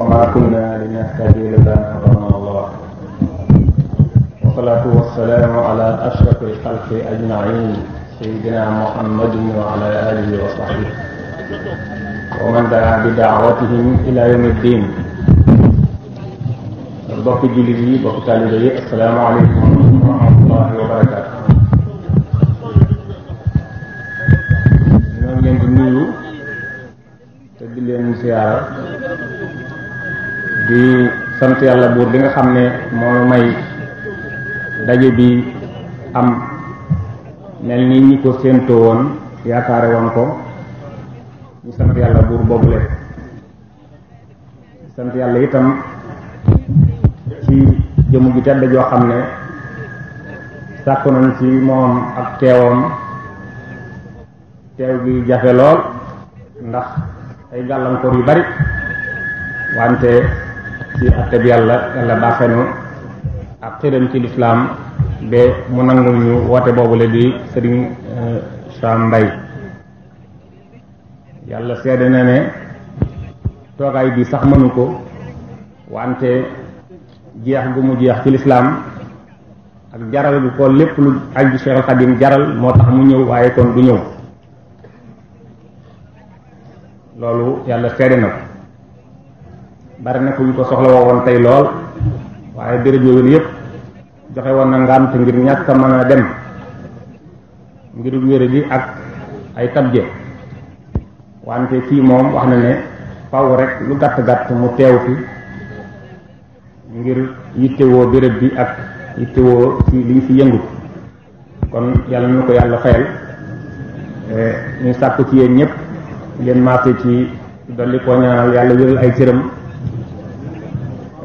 وما كنا لنهتدي لولا أن هدانا الله والصلاة والسلام على أشرف الخلق أجمعين سيدنا محمد وعلى آله وصحبه ومن دعا بدعوتهم إلى يوم الدين bokk jullit yi bokk taalibe yi asalaamaaleykum wa rahmatullahi wa barakaatu ñoo ngi leen di nuyu te di leen siyaara di sant yàlla buur bi nga xam ne moo may daje bi am mel ni ñi ko séentoo woon yaakaare woon ko ñu sant yàlla buur boobule sant yàlla itam ci jëmu ju tedd joo xam ne sàkku nañ ci moom ak teewam teew bi jafe lool ndax ay gàllankoor yu bari wante ci atteb yàlla yàlla baaxee ak xiram ci lislaam ba mu nangu ñu woote boobule di sëriñ eh, Sam Mbaye yàlla seede na ne toogaay bi sax mënu ko wante jeex gu mu jeex ci lislaam ak jaral bi ko lépp lu aju Cheikhul Khadim jaral moo tax mu ñëw waaye kon du ñëw loolu yàlla seede na ko bari nag ko yu woo woon tey lool waaye béréb yooyu yëpp joxe woon na ngaam te ngir ñàkk a mën dem ngir wére gi ak ay tabje wante kii moom wax na ne faw rek lu gàtt gàtt mu teew fi ngir yittewoo béréb bi ak yittewoo ci liñ fi yëngu kon yàlla na ko yàlla fayal eh, ñu sàkku ci yéen ñëpp ngeen maase ci dolli koo ñaanal yàlla wéral ay cëram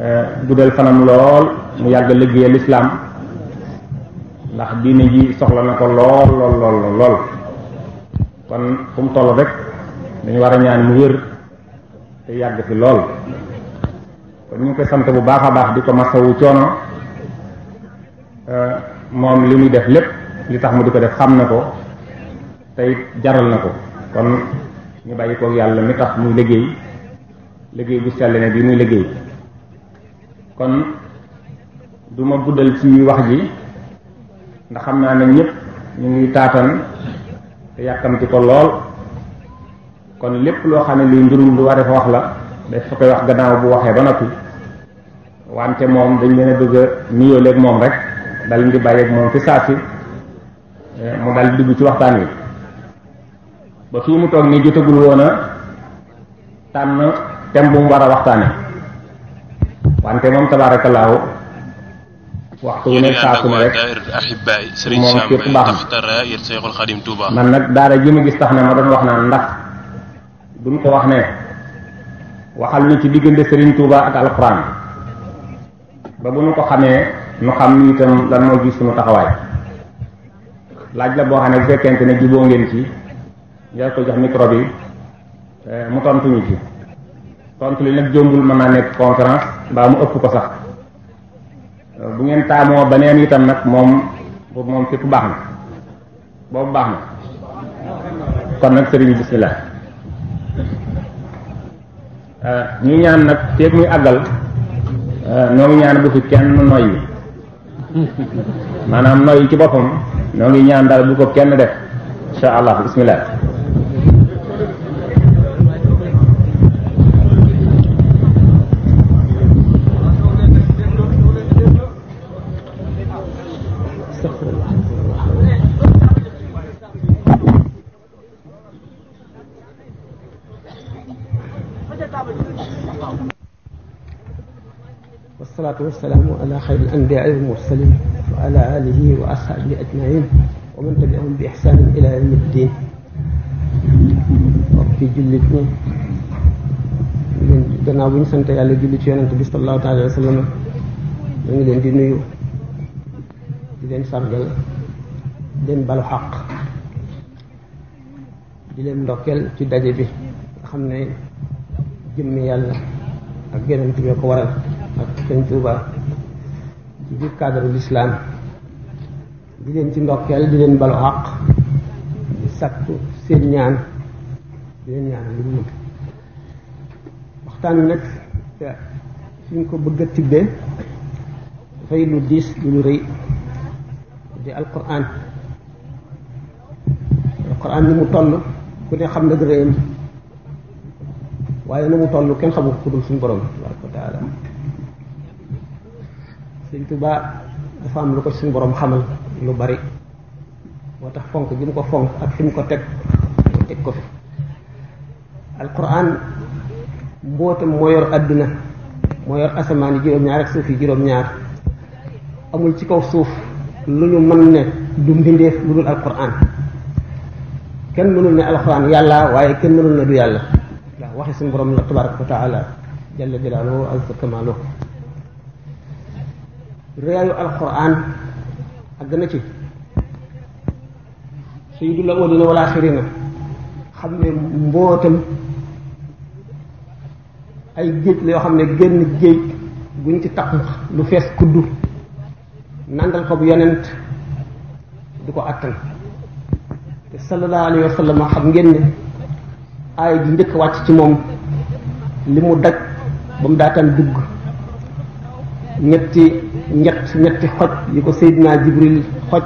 Eh, guddal fanam lool mu yàgg liggéeyal lislaam ndax diine ji soxla na ko lool lool lool lool kon fu mu toll rek dañu war a ñaan mu wér te yàgg fi lool kon ñu ngi sant bu baax a baax di ko masawu coono eh, moom li muy def lépp li tax mu di ko def xam na ko tey jaral na ko kon ñu bàyyi kook yàlla mi tax muy liggéey liggéey bu sell ne bi muy liggéey kon du ma guddal ci wax ji ndax xam naa ne ñëpp ñu ngi taatan te yàkkamti ko lool kon lépp loo xam ne luy njurum lu ware fa wax la day fa koy wax gannaaw bu waxee ba noppi wante moom dañ leen a bëgg a nuyoo moom rek dal di bàyyeeg moom fi saa si eh, mu dal dugg ci waxtaan wi ba fii mu toog nii jotagul woon tànn thème bu mu war a waxtaane wante moom wax ko wu ne saasu ne rek moom képp baax na man nag daara ji ma gis tax na ma doon wax naan ndax duñ ko wax ne waxal ñu ci diggante Serigne Touba ak alxuraan ba bu ñu ko xamee nu xam ni itam lan moo gis suñu taxawaay laaj la boo xam ne bu fekkente ne juboo ngeen ci jar ko jox micro bi eh, mu tontu ñu ci tontu li nag jombul mën naa nekk conférence mbaa mu ëpp ko sax bu ngeen taamoo beneen itam nag moom boobu moom fépp baax na boobu baax na kon nag sëriñ bi bismillah ñu ñaan nag feeg muy àggal noo ngi ñaan bu fi kenn noy yi maanaam noy yi ci boppam noo ngi ñaan daal bu ko kenn def incha allah bismillah والسلام على خير الأنبياء والمرسلين وعلى آله وأصحابه أجمعين ومن تبعهم بإحسان إلى يوم الدين mbokki jullit ñi gannaaw bu ñu sant yàlla jullit ci yonent bi sallallahu taala wa sallam ñu ngi leen di nuyu di leen sargal di leen balu xaq di leen ndokkeel ci daje bi nga xam ne jëmmi yàlla ak yeneen bi ko waral ak sëñ Tuuba ci biir cadre l'islam di leen ci ndokkeel di leen balu àq di sakku seen ñaan di leen ñaan lu mu waxtaan nag suñ ko bëgg a tibbee dafay lu diis lu lu rëy di alquran alquran ni mu toll ku ne xam na gërëyam waaye nu mu toll kenn xamul ku dul suñu borom tabaraka wa taala am lu ko suñu boroom xamal lu bari moo tax fonk gi ko fonk ak fi mu ko teg mu teg ko fi alquran mbootam moo yor àdduna moo yor asamaan yi juróom-ñaar ak suuf yi juróom-ñaar amul ci kaw suuf lu ñu mën ne du mbindeef lu dul alquran kenn mënul ne alquran yàlla waaye kenn mënul ne du yàlla waxi si borom la tabaraka wa taala jalla jalaaluhu azza kamaaluhu réeyu alquran gën a ci sayyidul awwalina wal axirina xam ne mbootam ay géej la yoo xam ne génn géej bu ñu ci taq lu fees kuddu nandal ko bu yonent du ko attan te sallallahu alayhi wa xam ngeen aay di njëkk wàcc ci moom li mu daj ba mu daataan dugg ñetti ñett ñetti xoj yi ko Seydina Jibril xoj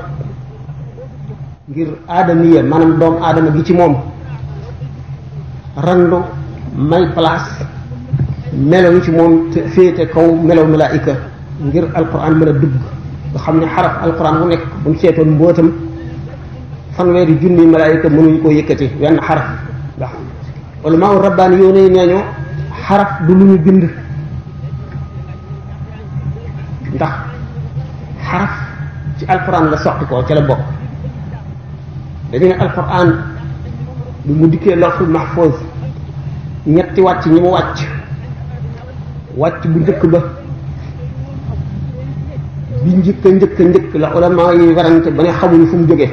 ngir aadamiya maanaam doom aadama gi ci moom randu may place melaw yi ci moom te féete kaw melaw malaayika ngir alquran mën a dugg nga xam ne xaraf alquran bu nekk bu mu seetoon mbootam fanweeri junni malaayika mënuñu koo yëkkati wenn xaraf ulamaa u rabbaan yow ne nee ñu xaraf du lu ñu bind ndax xaraf ci alquran la soqi koo ca la bokk dañu ne alquran bi mu dikkee lawhul mahfuz ñetti wàcc ñi mu wàcc wàcc bu njëkk ba bi njëkk njëkk la ulama yi warante ba ne xamuñu fu mu jógee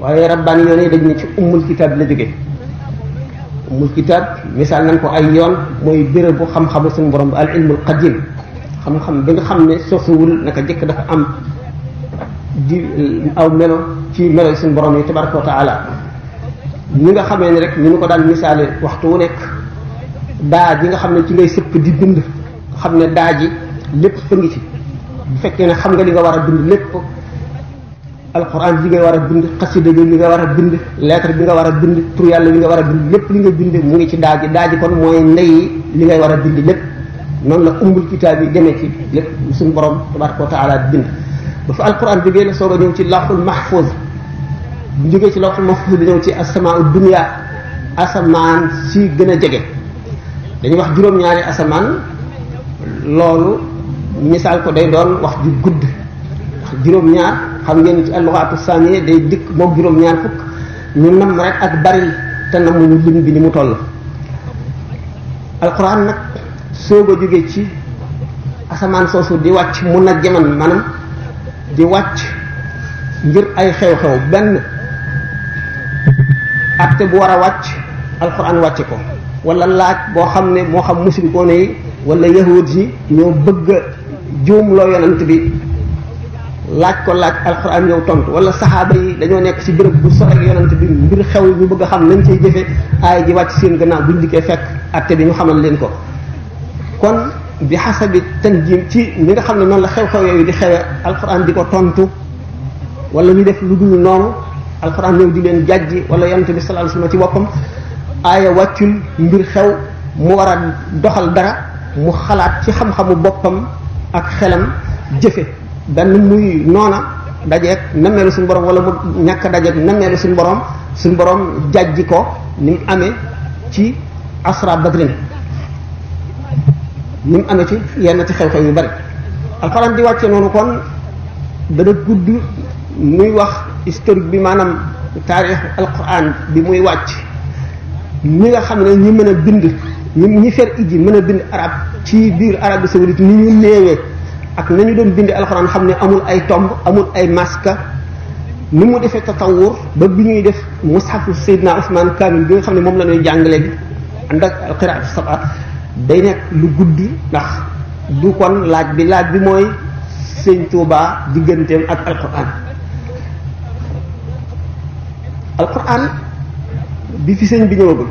waaye rabbaan yow ne dañ ne ci ummul kitaab la jógee mu kitaab misaal nañ ko ay yoon mooy béréb bu xam-xamu suñu borom bi al ilmul qadim xam-xam bi nga xam ne sosiwul naka jëkk dafa am di aw melo ci melo suñ borom yi tabaraka wa ñi nga xamee ne rek ñu ngi ko daan misaale waxtu wu nekk daa ji nga xam ne ci ngay sëpp di bind xam ne daa ji lépp fa ngi ci bu fekkee ne xam nga li nga war a bind lépp alxuraan bi nga war a bind xasida bi nga war a bind lettre bi nga war a bind tur yàlla bi nga war a bind lépp li nga bind mu ngi ci daaji daaji kon mooy ndey li ngay war a bind lépp noonu la umbul kitaab yi demee ci lépp suñ borom tabaraka wa taala bind ba fa alxuraan jógee la soog a ñëw ci lawxul mahfuz bu jógee ci lawxul mahfuz la ñëw ci asamaa dunya asamaan si gën a jege dañuy wax juróom-ñaari asamaan loolu misaal ko day doon wax ju juróom-ñaar xam ngeen ci alluxaatu saaniye day dikk moom juróom-ñaar fukk ñu nam rek ak bari te namuñu lim bi ni mu toll alquran nag soog a ci asamaan soosu di wàcc mun na jaman maanaam di wàcc ngir ay xew-xew benn atte bu war a wàcc alquran wàcce ko wala laaj boo xam ne moo xam musrikoone yi wala yahud yi ñoo bëgg a loo yonent bi laaj ko laaj alxuraan yow tontu wala saxaaba yi dañoo nekk ci béréb bu sore ak bi mbir xew ñu bëgg a xam nañ cay jëfe aay ji wàcc seen gannaaw buñ dikkee fekk atte bi ñu xamal leen ko kon bi xasabi tanjim ci li nga xam ne noonu la xew-xew yi di xewe alxuraan di ko tontu wala ñu def lu dul noonu alxuraan ñëw di leen jàjj wala yonent bi sallallahu alayhi ci boppam aaya wàccul mbir xew mu war a doxal dara mu xalaat ci xam-xamu boppam ak xelam jëfe benn muy noona dajeeg nammeelu suñu borom wala mu ñàkk a dajeeg nammeelu suñu borom suñ boroom jàjj ko ni mu amee ci asra badrin ni mu amee ci yenn ci xew-xew yu bari alxuraan di wàcce noonu kon dana gudd muy wax historique bi maanaam taarix alquran bi muy wàcc ñi nga xam ne ñi mën a bind ñi ñi fer iji mën a bind arab ci biir arab bi saoudite ni ñu néewee ak nañu doon bindi alxuraan xam ne amul ay tomb amul ay maska ni mu defee tatawur ba bi ñuy def mushafu Seydina Ousmane Kamil bi nga xam ne moom la ñuy jàngale bi ànd ak day nekk lu gudd ndax du kon laaj bi laaj bi mooy sëñ digganteem ak alquran alquran bi fi sëñ bi ñëwagul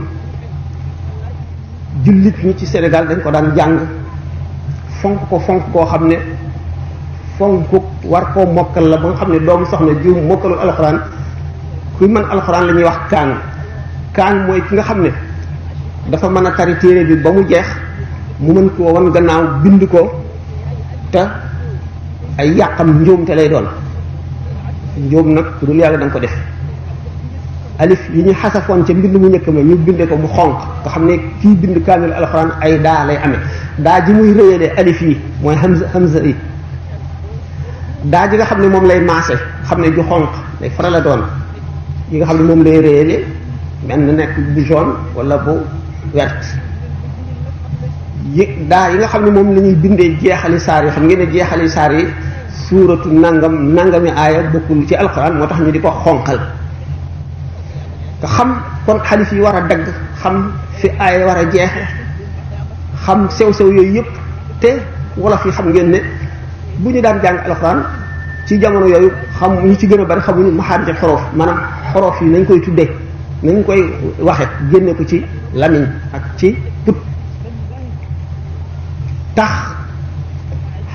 jullit ñi ci Sénégal dañ ko daan jàng fonk ko fonk koo xam ne fonk war koo mokkal la ba nga xam ne doomu soxna jiw mokkalul alxuraan kuy mën alxuraan la ñuy wax kaan kaan mooy ki nga xam ne dafa mën a tari téere bi ba mu jeex mu mën koo wan gannaaw bind ko te ay yàqam njuumte lay doon njuum nag dul yàlla da ko def alif yi ñu xasafoon ca mbind mu njëkk ma ñu binde ko bu xonq nga xam ne kii bind kaamil alxuraan ay daa lay amee daa ji muy rëyalee alif yi mooy hamza hamza yi daa ji nga xam ne moom lay maase xam ne ju xonq day farala doon nga xam ne moom lay rëyalee mel na nekk bu jaune wala bu vert yi daa yi nga xam ne moom la ñuy bindee jeexali saar yi xam ngeen ne jeexali saar yi suuratu nangam nangami aaya bokkul ci alxuraan moo tax ñu di ko xonqal nga xam kon xadis yi war a dagg xam fi ay war a jeex xam sew-sew yooyu yëpp te wolof yi xam ngeen ne bu ñu daan jàng alxuraan ci jamono yooyu xam ñu ci gën a bari xamuñu maxaarijal xorof maanaam xorof yi nañ koy tuddee nañ koy waxe génne ko ci lamiñ ak ci put tax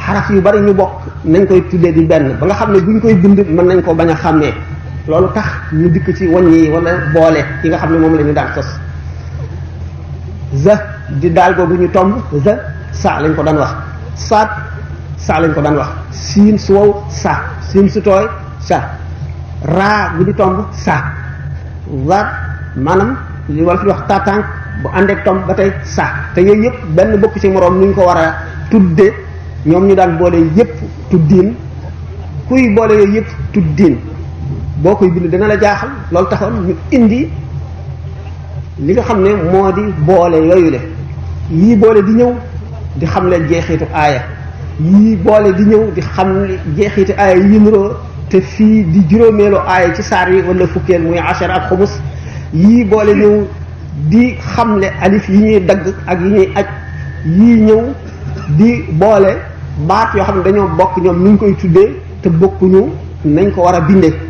xaraf yu bari ñu bokk nañ koy tuddee di benn ba nga xam ne buñ koy bind man nañ ko bañ a xàmmee loolu tax ñu dikk ci yi wala boole yi nga xam ne moom la daan sos za di daal boobu ñu tomb za sa lañ ko daan wax saat sa ko daan wax siin su wow saa siin su tooy sa raa bu ñu tomb sa zaat maanaam li wala wax taatànk bu àndeek tomb ba tey saa te yooyu yëpp benn bokk ci moroom ni ñu ko war a tudde ñoom ñu daan boole yëpp tuddiin kuy boole yooyu yëpp tuddiin boo koy bind dana la jaaxal loolu taxoon ñu indi li nga xam ne moo di boole yooyu le yii boole di ñëw di xam le jeexitu aaya yii boole di ñëw di xam jeexitu aaya yi niroo te fii di juróomeelu aaya ci saar yi wala fukkeel muy ashar ak xumus yii boole ñëw di xam ne alif yi ñuy dagg ak yi ñuy aj yii ñëw di boole baat yoo xam ne dañoo bokk ñoom nuñ koy tuddee te bokkuñu nañ ko war a bindee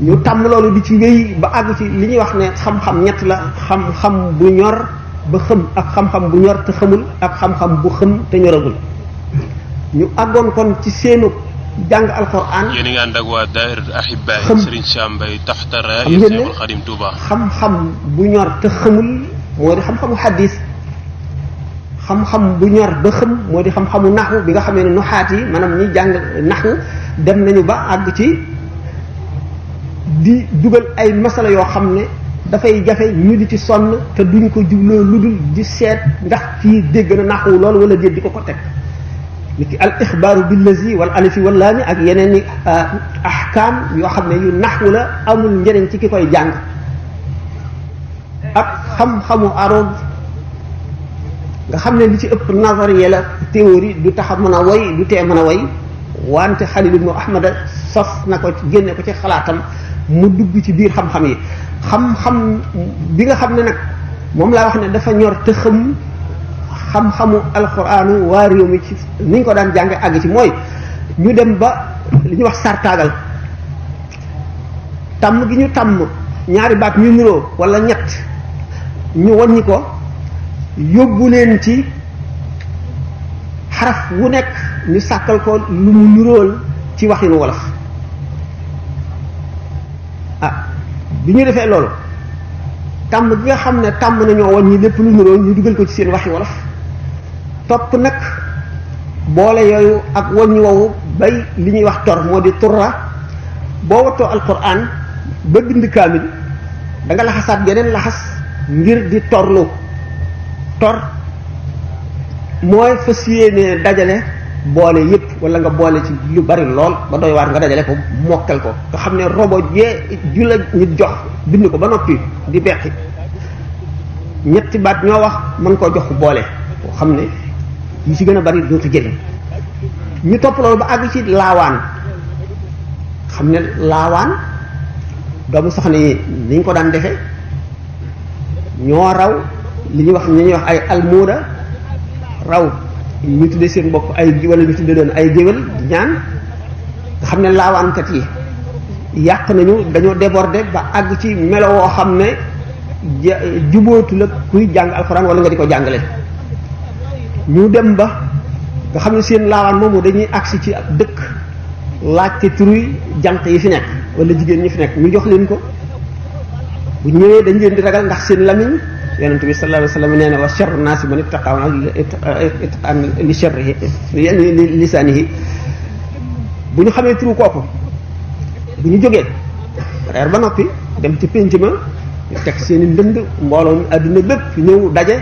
ñu tàmm loolu di ci wéy ba àgg ci li ñuy wax ne xam-xam ñett la xam-xam bu ñor ba xëm ak xam-xam bu ñor te xamul ak xam bu xëm te ñu àggoon kon ci seenu jàng alquran. yéen a ngi ànd ak waa xam-xam bu ñor te xamul moo di xam-xamu xadis xam-xam bu ñor ba xëm moo di xam-xamu naxu bi nga xamee ne nuxaat yi maanaam ñi jàng naxu dem nañu ba àgg ci. di dugal ay masala yoo xam ne dafay jafe ñu di ci sonn te duñ ko jubloo lu dul di seet ndax fii dégg na naqu lool wala déet di ko ko teg ni ki al ixbaaru billazi wal alifi wal ak yeneen i ah, ahkaam yoo xam ne yu naxu la amul njëriñ ci ki koy jàng ak xam-xamu aroog nga xam ne li ci ëpp nazariya la théorie du tax a mën a way du tee mën a way wante Xalil ibnu Ahmad saf na ko génne ko ci xalaatam mu dugg ci biir xam-xam yi xam-xam bi nga xam ne nag moom laa wax ne dafa ñor te xam xam-xamu alxuraanu waa réew mi ci ni ñu ko daan jànge àgg ci mooy ñu dem ba li ñuy wax sartaagal tàmm gi ñu tàmm ñaari baat ñu niroo walla ñett ñu wàññi ko yóbbu leen ci xaraf wu nekk ñu sàkkal ko lu mu nirool ci waxinu wolof ah bi ñu defee loolu tàmm bi nga xam ne tàmm nañoo wàññi lépp lu niroo ñu dugal ko ci seen waxi wolof topp nag boole yooyu ak wàññi woowu bay li ñuy wax tor moo di turra boo watoo alquran ba bind kaamil da nga laxasaat beneen laxas ngir di torlu tor mooy fas yéenee dajale boole yëpp wala nga boole ci lu bari lool ba doy waar nga dajale ko mokkal ko nga xam ne robo jee ju la nit jox bind ko ba noppi di beqi ñetti baat ñoo wax mën koo jox boole boo xam ne yi ci gën a bari dootu jëriñ ñu topp loolu ba àgg laawaan xam ne laawaan doomu soxna yi niñ ko daan defe ñoo raw li ñuy wax li ñuy wax ay almuuda raw ñu tuddee seen bopp ay wala ñu tuddee leen ay géwél di ñaan nga xam ne laawaankat yi yàq nañu dañoo déborder ba àgg ci melowoo xam ne jubootu la kuy jàng alxuraan wala nga di ko jàngale ñu dem ba nga xam ne seen laawaan moomu dañuy agsi ci dëkk laaj laajte turuy janq yi fi nekk wala jigéen ñi fi nekk ñu jox leen ko bu ñëwee dañ leen di ragal ndax seen lamiñ yonent bi sallallahu alayhi wa sallam nee na wa sharru naasi man ittaqaa ittiqaan li bu ñu xamee turu kooku bu ñu jógee reer ba noppi dem ci pénc ma ñu teg seen i ndënd mbooloo mi àdduna bépp ñëw daje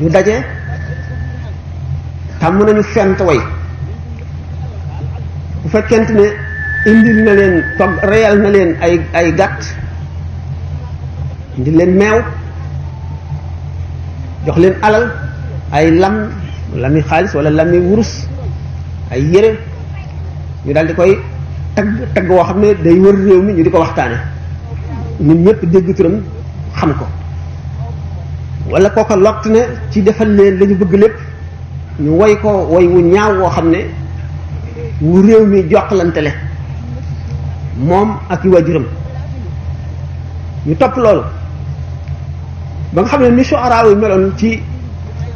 ñu daje tàmm nañu fent way bu fekkente ne indil na leen reyal na leen ay ay gàtt indi leen meew jox leen alal ay lam lami xaalis wala lami wurus ay yére ñu daal di koy tagg tagg woo xam ne day wër réew mi ñu di ko waxtaane nit ñëpp dégg turam xam ko wala kooka lott na ci defal leen lañu bëgg lépp ñu woy ko woy wu ñaaw woo xam ne wu réew mi joxlante le moom ak i waajuram ñu topp loolu ba nga xam ne ni shu'ara yi meloon ci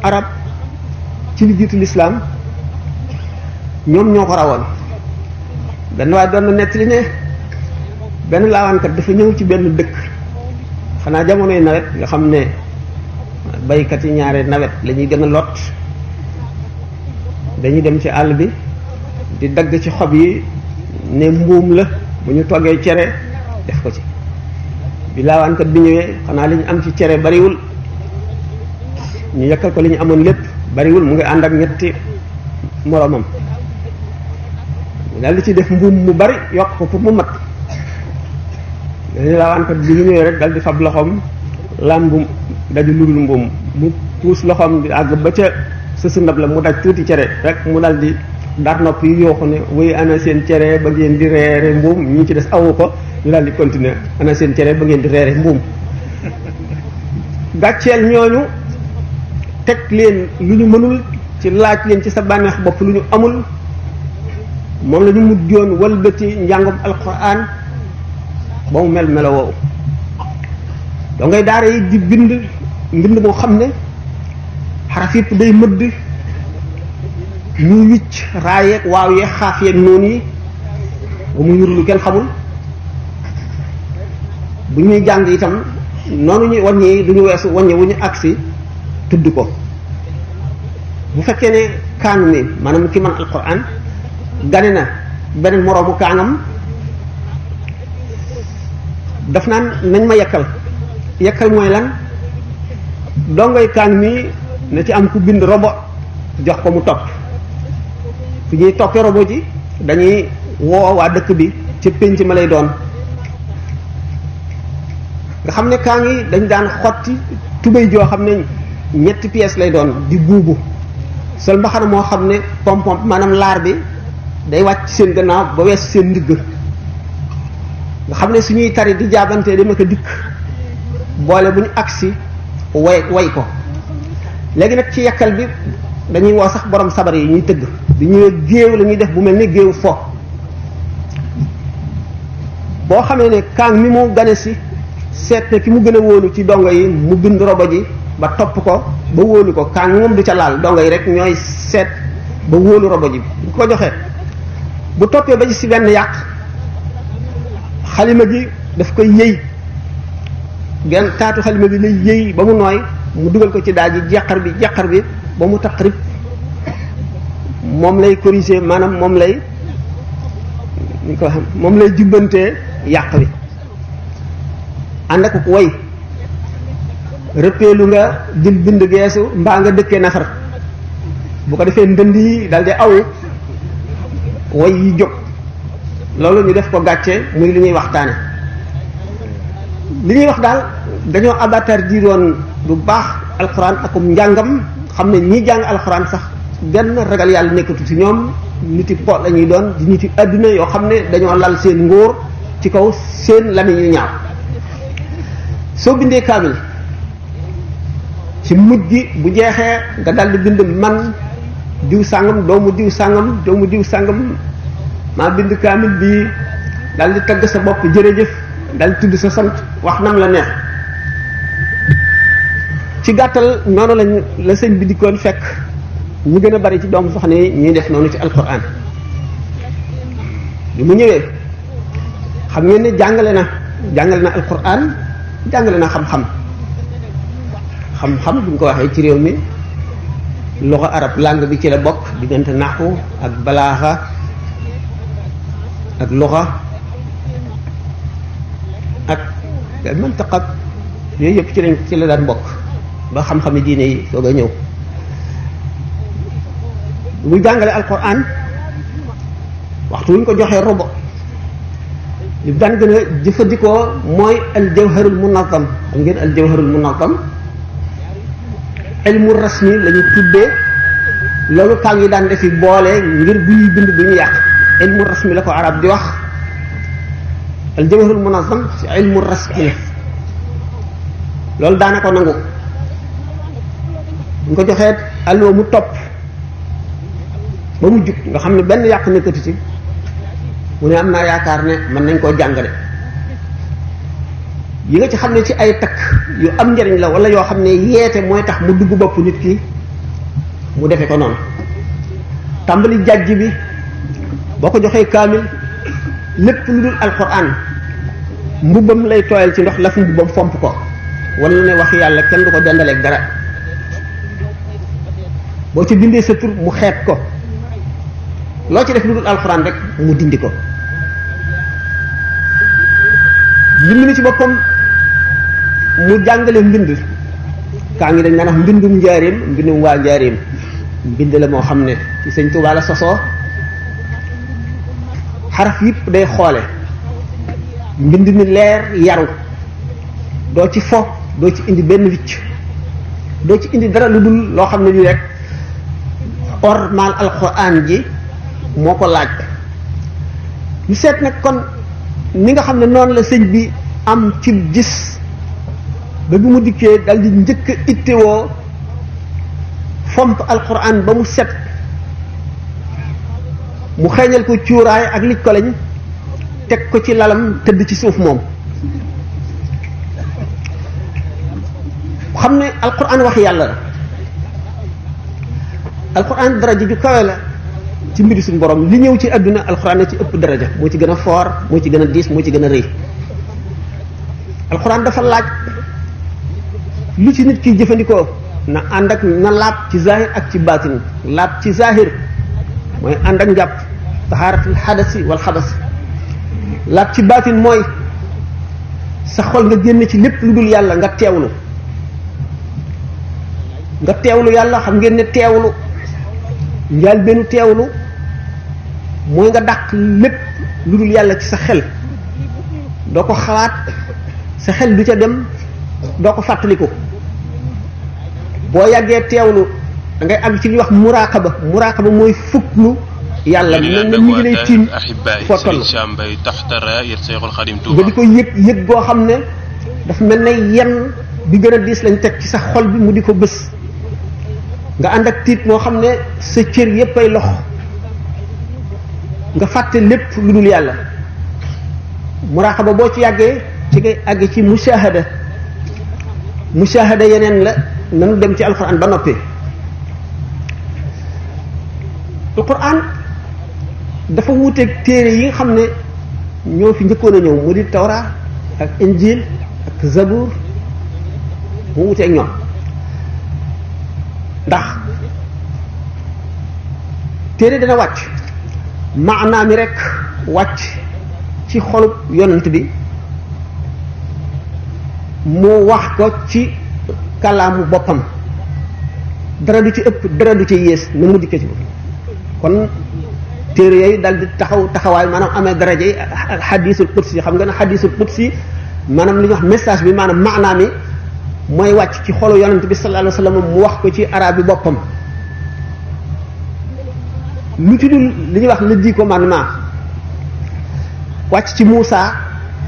arab ci li jiitu lislaam ñoom ñoo ko rawoon benn waaye doon na nettali ne benn laawaankat dafa ñëw ci benn dëkk xanaa jamonoy nawet nga xam ne baykat yi ñaare nawet lañuy gën a lot dañuy dem ci àll bi di dagg ci xob yi ne mbuum la bu ñu toggee cere def ko ci bi laawaankat bi ñëwee xanaa li ñu am ci cere bariwul ñu yàkkal ko li ñu amoon lépp bariwul mu ngi ànd ak ñetti moromam daal di ci def mbuum mu bari yokk ko pour mu mat dañu laawaankat bi ñu ñëwee rek dal di fab loxoom làmbu daju ludul mbuum mu puus loxoom di àgg ba ca sësu ndab la mu daj tuuti cere rek mu dal di dar nopp yi yooxu ne wuy ana seen cere ba ngeen di reere mbuum ñii ci des awu ko ñu di continuer ana seen cere ba ngeen di reere mbuum gàcceel ñooñu teg leen lu ñu mënul ci laaj leen ci sa bànneex bopp lu ñu amul moom la ñu mujjoon walbati njàngum alquran ba mu mel melo woowu doo daara yi di bind mbind moo xam ne xaraf yëpp day mëdd ñu wicc raayeeg waaw yeeg xaaf yeeg noonu yi ba mu yurlu kenn xamul bu ñuy jàng itam noonu ñuy wàññi du ñu weesu wàññi wu ñu agsi tudd ko bu fekkee ne kaan mi maanaam ki man alquran gane na beneen moroomu kaanam daf naan nañ ma yekkal yekkal mooy lan dongoy kaan mi na ci am ku bind robo jox ko mu topp fu ñuy toppee robo ji dañuy woowaa dëkk bi ci pénc ma lay doon nga xam ne kaa ngi dañ daan xotti tubéy joo xam ne ñetti pièces lay doon di buubu sol mbaxana moo xam ne pom pom maanaam laar bi day wàcc seen gannaaw ba wees seen ndigg nga xam ne su ñuy tari di jaabante dama ko dikk boole bu ñu agsi way way ko léegi nag ci yakkal bi dañuy woo sax boroom sabar yi ñuy tëgg di ñëwee géew la def bu mel ni géew fo boo xamee ne kaang mi mu gane seet ne ki mu gën a wóolu ci dongo yi mu bind robo ji ba topp ko ba wóolu ko kàng moom du ca laal dongo yi rek ñooy seet ba wóolu robo ji bu ko joxee bu toppee ba ci si benn yàq xalima bi daf koy yëy genn taatu xalima bi lay yëy ba mu nooy mu dugal ko ci daal ji jeqar bi jeqar bi ba mu taqrib moom lay corriger maanaam moom lay ñu ko xam moom lay jubbantee yàq bi ànd ak ku way rëppeelu nga jël bind geesu mbaa nga dëkkee nafar bu ko defee ndënd yi daal di aw way yi jóg loolu ñu def ko gàcce muy li ñuy waxtaane li ñuy wax daal dañoo abatar jiiroon bu baax alxuraan akum njàngam xam ne ñi jàng alxuraan sax benn ragal yàlla nekkatu ci ñoom niti po lañuy doon di niti àdduna yoo xam ne dañoo lal seen ngóor ci kaw seen lami ñu ñaaw soo bindee kaamil ci mujj gi bu jeexee nga dal di bind man diw sàngam doomu diw sàngam doomu diw sàngam maa bind kaamil bii dal di tagg sa bopp jërëjëf dal di tudd sa sant wax nam la neex ci gàttal noonu lañ la sëñ bi dikkoon fekk ñu gën a bari ci doomu soxna yi ñuy def noonu ci alquran bi mu ñëwee xam ngeen ni jàngale na jàngale na alquran jàngale na xam-xam xam-xam bu ñu ko waxee ci réew mi loxo arab langue bi ci la bokk diggante naxu ak balaaxa ak loxo ak mantiqab yooyu yëpp ci lañ ci la daan bokk ba xam-xami diine yi soog a ñëw muy jàngale alquran waxtu wuñ ko joxee robo li daan gën a jëfandikoo mooy aljawharul munazam xam ngeen aljawharul munazam ilmu rasmi la ñu tuddee loolu kàng yi daan defi boole ngir bu ñuy bind bu ñu yàq ilmu rasmi la ko arab di wax aljawharul munazam ci ilmu rasmi la loolu daana ko nangu bu ko joxee allo mu topp ba mu jug nga xam ne benn yàq nekkatu ci mu ne am naa yaakaar ne mën nañ koo jàngale yi nga ci xam ne ci ay takk yu am njëriñ la wala yoo xam ne yeete mooy tax mu dugg bopp nit ki mu defe ko noonu tàmbali jàjj bi boo ko joxee kaamil lépp lu dul alquran mbubbam lay tooyal ci ndox laf mbubbam fomp ko wala ne wax yàlla kenn du ko dendaleeg dara boo ci bindee sa tur mu xeet ko loo ci def lu dul alxuraan rek mu dindi ko bind mi ci boppam mu jàngale mbind kaa ngi dañ naan wax mbindum njaareem mbindum waa njaareem mbind la moo xam ne ci sëñ Tuubaa la sosoo xaraf yëpp day xoole mbind mi leer yaru doo ci fo doo ci indi benn wicc doo ci indi dara lu dul loo xam ne ni rek ormal alxuraan ji moo ko laaj ñu seet nag kon ni nga xam ne noonu la sëñ bi am ci gis ba bi mu dikkee dal di njëkk a ittewoo fomp alquran ba mu set mu xeeñal ko cuuraay ak lij ko teg ko ci lalam tëdd ci suuf moom xam ne alquran wax yàlla la alquran daraja ju kawe la ci mbiri suñu borom li ñëw ci àdduna alxuraan na ci ëpp daraja moo ci gën a foor moo ci gën a diis moo ci gën a rëy alxuraan dafa laaj lu ci nit kiy jëfandikoo na ànd ak na laab ci zahir ak ci baatin laab ci zahir mooy ànd ak njàpp tahaaratul xadasi wal xadas laab ci baatin mooy sa xol nga génn ci lépp lu dul yàlla nga teewlu nga teewlu yàlla xam ngeen ne teewlu njaal benn teewlu mooy nga dàq lépp lu dul yàlla ci sa xel doo ko xalaat sa xel du ca dem doo ko fàttaliku boo yàggee teewlu da ngay àgg ci li wax muraakaba muraakaba mooy fuklu yàlla mel na mi ngi lay tiim foo toll nga di ko yëg yëg goo xam ne dafa mel ne yenn bi gën a diis lañ teg ci sa xol bi mu di ko bés nga ànd ak tiit moo xam ne sa cër yépp ay lox nga fàtte lépp lu dul yàlla muraqaba boo ci yàggee ci ngay àgg ci mushahada mushahada yeneen la nanu dem ci alquran ba noppi alquran dafa wuuteeg téere yi nga xam ne ñoo fi njëkkoon a ñëw mu di tawra ak injil ak zabur mu wuuteeg ñoom ndax téere dana wàcc maanaa mi rek wàcc ci xolub yonent bi mu wax ko ci kalaamu boppam dara du ci ëpp dara du ci yées na mu dikkee ci kon téere yooyu dal di taxaw taxawaay maanaam amee daraje yi xadiisul qudsi xam nga ne xadiisul qudsi maanaam li ñuy wax message bi maanaam naa mi mooy wàcc ci xolu yonent bi sallallahu alayhi wa sallam mu wax ko ci arab bi boppam lu ci dul li ñuy wax le dix commandement wàcc ci Moussa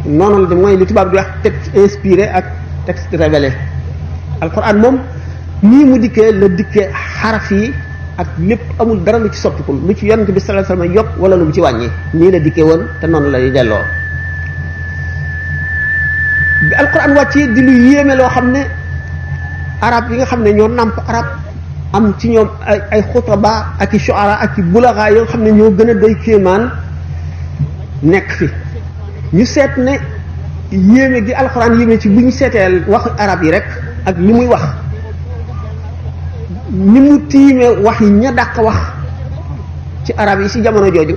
noonu la mooy li tubaab di wax ci inspiré ak texte révélé alquran moom nii mu dikkee la dikkee xaraf yi ak lépp amul dara lu ci soppiku lu ci yonent bi sallallahu alayhi wasallam yokk wala lu mu ci wàññi nii la dikke woon te noonu la delloo bi alquran wàccee di lu yéeme loo xam ne arab yi nga xam ne ñoo nàmp arab am ci ñoom ay ay xutaba ak i shuara ak i bulaxa yoo xam ne ñoo gën a doy kéemaan nekk fi ñu seet ne yéeme gi alxuraan yéeme ci bu ñu seeteel waxu arab yi rek ak li muy wax ni mu tiime wax yi ña dàq wax ci arab yi ci jamono jooju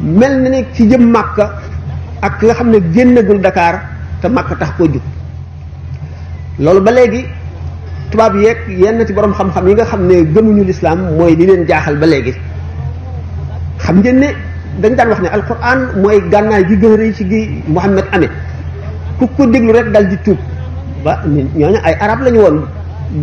mel na ne ci jëm màkka ak nga xam ne génnagul dakaar te màkka tax koo jug loolu ba léegi tubaab yeeg yenn ci boroom xam-xam yi nga xam ne gëmuñu lislaam mooy li leen jaaxal ba léegi xam ngeen ne dañ daan wax ne alquran mooy gànnaay gi gën a rëy ci gi Muhammad amee ku ko déglu rek dal di tuub ba ñooñu ay arab lañu woon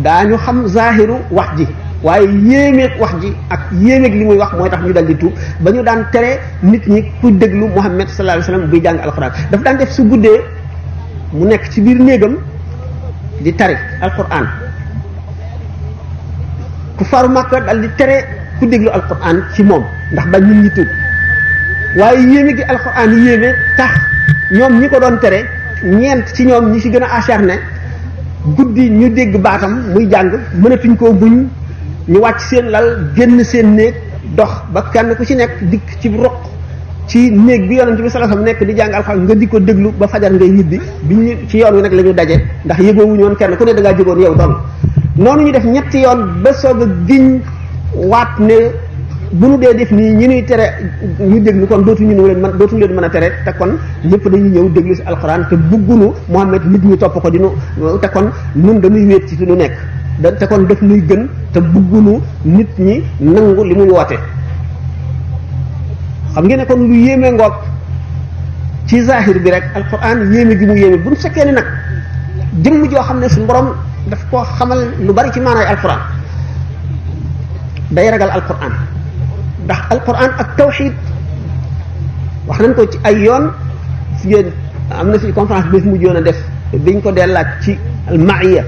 daañu xam zahiru wax ji waaye yéemeeg wax ji ak yéemeeg li muy wax mooy tax ñu dal di tuub ba ñu daan tere nit ñi ku déglu Muhammad sallallahu alayhi wasallam buy jàng alquran daf daan def su guddee mu nekk ci biir néegam di tari alquran ku faru Makka dal di tere ku déglu alquran ci moom ndax bañ nit ñi tuub waaye yéeme gi alquran yéeme tax ñoom ñi ko doon tere ñeent ci ñoom ñi ci gën a acharné guddi ñu dégg baatam muy jàng mënatuñ koo buñ ñu wàcc seen lal génn seen néeg dox ba kenn ku ci nekk dikk ci roq ci néeg bi yonent bi sallallahu alayhi wasallam nekk di jàng alxuraan nga di ko déglu ba fajar ngay ñibbi bi ñu ci yoon wi nag la ñu daje ndax yëgoo wuñu woon kenn ku ne da ngaa jógoon yow doon noonu ñu def ñetti yoon ba soog a giñ waat ne bu nu dee def nii ñi ñuy tere ñu déglu kon dootuñu leen mën dootuñu leen mën a tere te kon ñëpp dañuy ñëw déglu si alxuraan te bëggunu Muhammad nit ñu topp ko di nu te kon nun dañuy wéet ci fi nekk da te kon def nuy te bëggunu nit ñi nangu li muy woote. xam ngeen kon lu yéeme ngoog ci zahir bi rek alxuraan yéeme gi mu yéeme bu nu fekkee ni nag jëmm joo xam ne suñu borom. daf koo xamal lu bari ci maanaay alquran day ragal alquran ndax alquran ak tawxid wax nañ ko ci ay yoon si ngeen am na fi conférence bi mu mujjoon a def biñ ko dellaat ci almaiya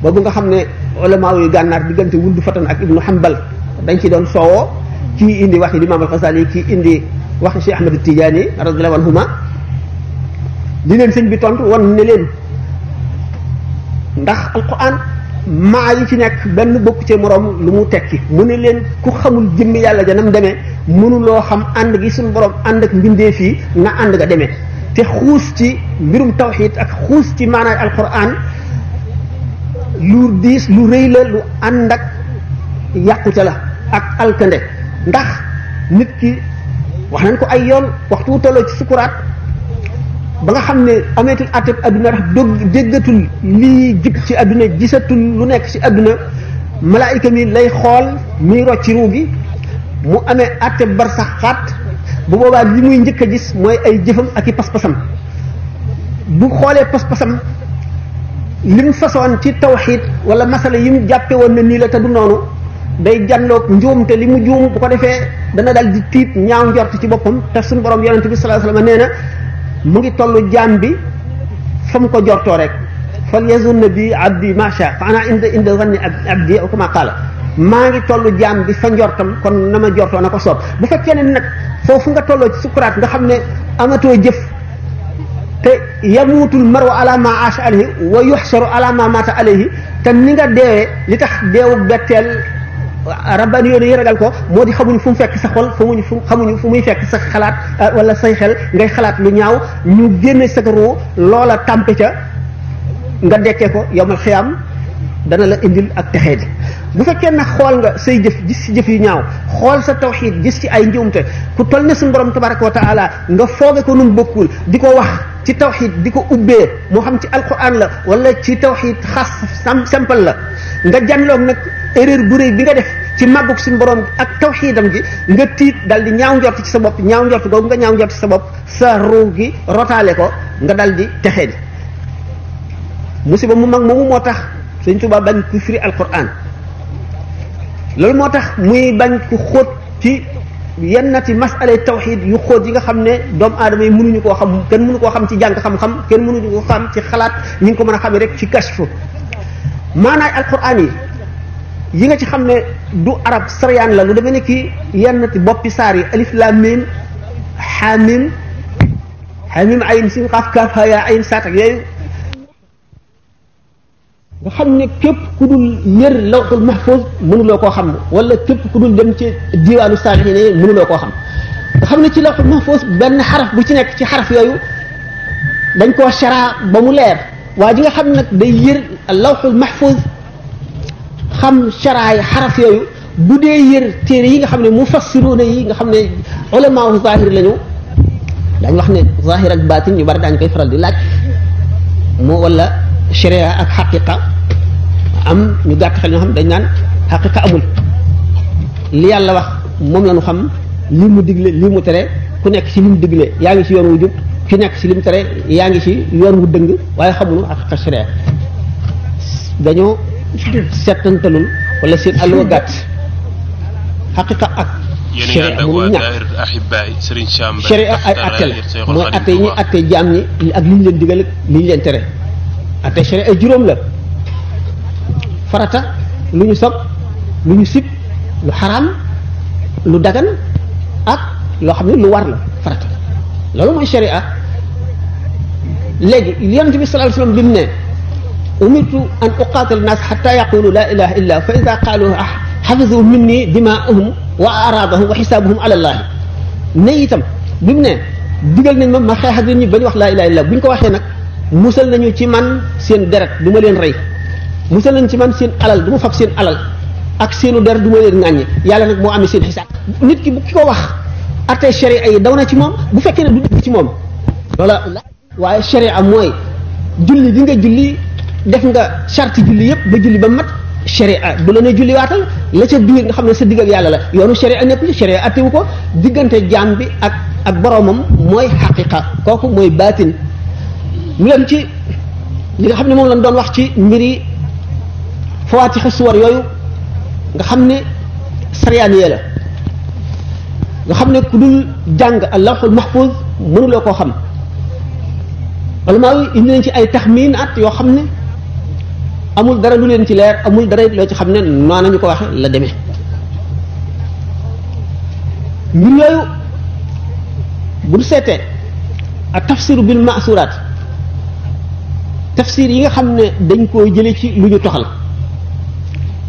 boobu nga xam ne ulama yu gànnaar diggante wundu fatan ak ibnu hanbal dañ ci doon soowoo kii indi waxi imam alxasali kii indi waxi cheikh ahmad tijaani radiyallahu anhuma li leen sëñ bi tontu wan ne leen ndax alquran maa yi fi nekk benn bokku ci moroom lu mu tekki mu ne leen ku xamul jëmmi yàlla janam deme mënuloo xam ànd gi suñu boroom ànd ak mbindeef fii na ànd ga demee te xuus ci mbirum tawxid ak xuus ci maanaay alquran lu diis lu rëy la lu ànd ak yàqute la ak alkande ndax nit ki wax nañ ko ay yoon waxtu wu ci sukuraat ba nga xam ne ameetul àtteb adduna ndax dog déggatul lii jib ci adduna gisatul lu nekk ci adduna malaayika mi lay xool muy rocc ruu gi mu amee àtteb bar sax xaat bu boobaa li muy njëkk a gis mooy ay jëfam ak i pas-pasam bu xoolee pas-pasam lim façon ci tawxiid wala masala yi mu woon na nii la te du noonu day jànloog njuum te li mu juum bu ko defee dana dal di tiit ñaaw njort ci boppam te suñu borom yonente bi sallallahu alayhi nee na mu ngi tollu jaam bi fa mu ko jortoo rek fal yazunna bi abdi macha fa ana inda inda zanni abdi aw kama qaala maa ngi tollu jaam bi fa njortam kon na ma jortoo na ko soob bu fekkee ne nag foofu nga tolloo sukuraat nga xam ne amatoo jëf te yamuutul maru ala ma aasha alayhi wa yuxsaru ala ma mata alayhi te ni nga deewee li tax deewu betteel rabbaani yoon yi ragal ko moo di xamuñu fu mu fekk sa xol xamuñu fu xamuñu fu muy fekk sa xalaat euh, wala say xel ngay xalaat lu ñaaw ñu génne sa ruu loola tàmpe ca nga dekkee ko yowmal xiyaam dana la indil ak texe di bu fekkee nag xool nga say jëf gis ci jëf yu ñaaw xool sa tawxiid gis ci ay njuumte ku toll ne suñu borom tabaraka wa taala nga fooge ko nu mu bokkul di ko wax ci tawxiid di ko ubbee moo xam ci alquran la wala ci tawxiid xas sam sampal la nga janloog nag erreur bu réy bi nga def ci màggug si borom ak tawxiidam ji nga tiit dal di ñaaw njort ci sa bopp ñaaw njort googu nga ñaaw njort ci sa bopp sa ruu gi rotaale ko nga dal di texee di musiba mu mag moomu moo tax Sëriñ Tuubaa bañ ku firi alquran loolu moo tax muy bañ ku xóot ci yennati masala tawxid yu xóot yi nga xam ne doomu aadama yi mënuñu koo xam kenn mënu koo xam ci jàng xam-xam kenn mënuñu koo xam ci xalaat ñu ngi ko mën a xamee rek ci kashfu maanaay alquran yi yi nga ci xam ne du arab sariyaan la lu demee ne ki yenn ci boppi saari yi alif laam miim xaamim xaamim ayin sin xaaf kaaf ha yaa ayin saat ak yooyu xam ne képp ku dul yër lawxul mahfuz mënuloo koo xam wala képp ku dul dem ci diwaanu saalihin yi mënuloo koo xam nga xam ne ci lawxul mahfuz benn xaraf bu ci nekk ci xaraf yooyu dañ koo shara ba mu leer waa ji nga xam nag day yër lawxul mahfuz xam caraay xaraf yooyu bu dee yër téere yi nga xam ne mufassiruuna yi nga xam ne ulamaawu zahir lañu dañ wax ne zahir ak baatin ñu bari daañu koy faral di laaj moo wala sharia ak xaqiqa am ñu gàtt xel ñoo xam dañ naan xaqiqa amul li yàlla wax moom la ñu xam li mu digle li mu tere ku nekk ci li mu digle yaa ngi ci yoon wu jub ki nekk ci li mu tere yaa ngi ci yoon wu dëng waaye xamuñu xaqiqa sharia dañoo settantalul wala seen àlluwa gàtt xaqiqa ak sharia mënul ñàkk sharia ay atte la mooy atte yi ñuy atte jaam ñi ak li ñu leen digal ak li ñu leen tere atte sharia ay juróom la farata lu ñu sob lu ñu sib lu xaraam lu dagan ak loo xam ne lu war la farata loolu mooy sharia léegi yonent bi sallallahu alayhi wasallam ne umirtu an uqaatil naas xataa yaqulu laa ilaha illa fa ida qaalu ah, xafisu minni dimaahum wa araadahum wa xisaabuhum ala llaah ne itam bi mu ma ma xeex ak ñi bañ wax laa ilaha illa bu ñu ko waxee nag musal nañu ci man seen deret du leen rey musal nañ ci man seen alal du ma fab seen alal ak seenu der du ma leen ŋàññi yàlla nag moo amee seen xisaab nit ki bu ko wax arte sharia yi daw na ci moom bu fekkee ne du dëgg ci moom loola waaye sharia mooy julli bi nga julli def nga charte julli yëpp ba julli ba mat sharia bu la ne julli waatal la ca biir nga xam ne sa digg ak yàlla la yoonu sharia nekk ci sharia attewu ko diggante jaam bi ak ak boroomam mooy xaqiqa kooku mooy baatin mu ci li nga xam ne moom lañ doon wax ci mbiri fawaatixu suwar yooyu nga xam ne sariyaan la nga xam ne ku dul jàng allawxul maxfuuz mënuloo koo xam wala maa indi ci ay taxmiin at yoo xam ne amul dara lu leen ci leer amul dara loo ci xam ne noona ñu ko waxe la deme mbir yooyu bu seetee a tafsiru bil maasuraat tafsir yi nga xam ne dañ koo jële ci lu ñu toxal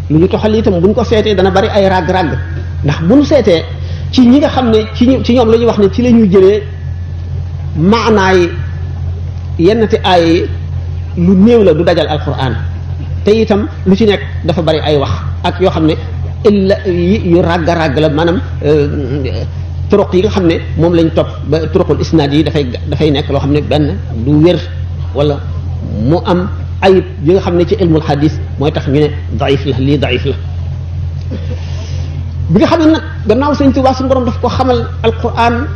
lu ñu toxal itam buñ ko seetee dana bari ay ràgg-ràgg ndax bu ñu seetee ci ñi nga xam ne ci ñoom lañuy wax ne ci lañuy jële jëlee maanaay yennati aay yi lu néew la du dajal alquran tey itam lu ci nekk dafa bari ay wax ak yoo xam ne illa yu ràgg ràgg la maanaam euh, turuq yi nga xam ne moom lañ topp ba turuqul isnaad yi dafay dafay nekk loo xam ne benn du wér wala mu am ayib yi nga xam ne ci ilmul xadis mooy tax ñu ne daif lii daif nga xam ne nag gannaaw sëñ Tuubaa suñu borom daf ko xamal alquran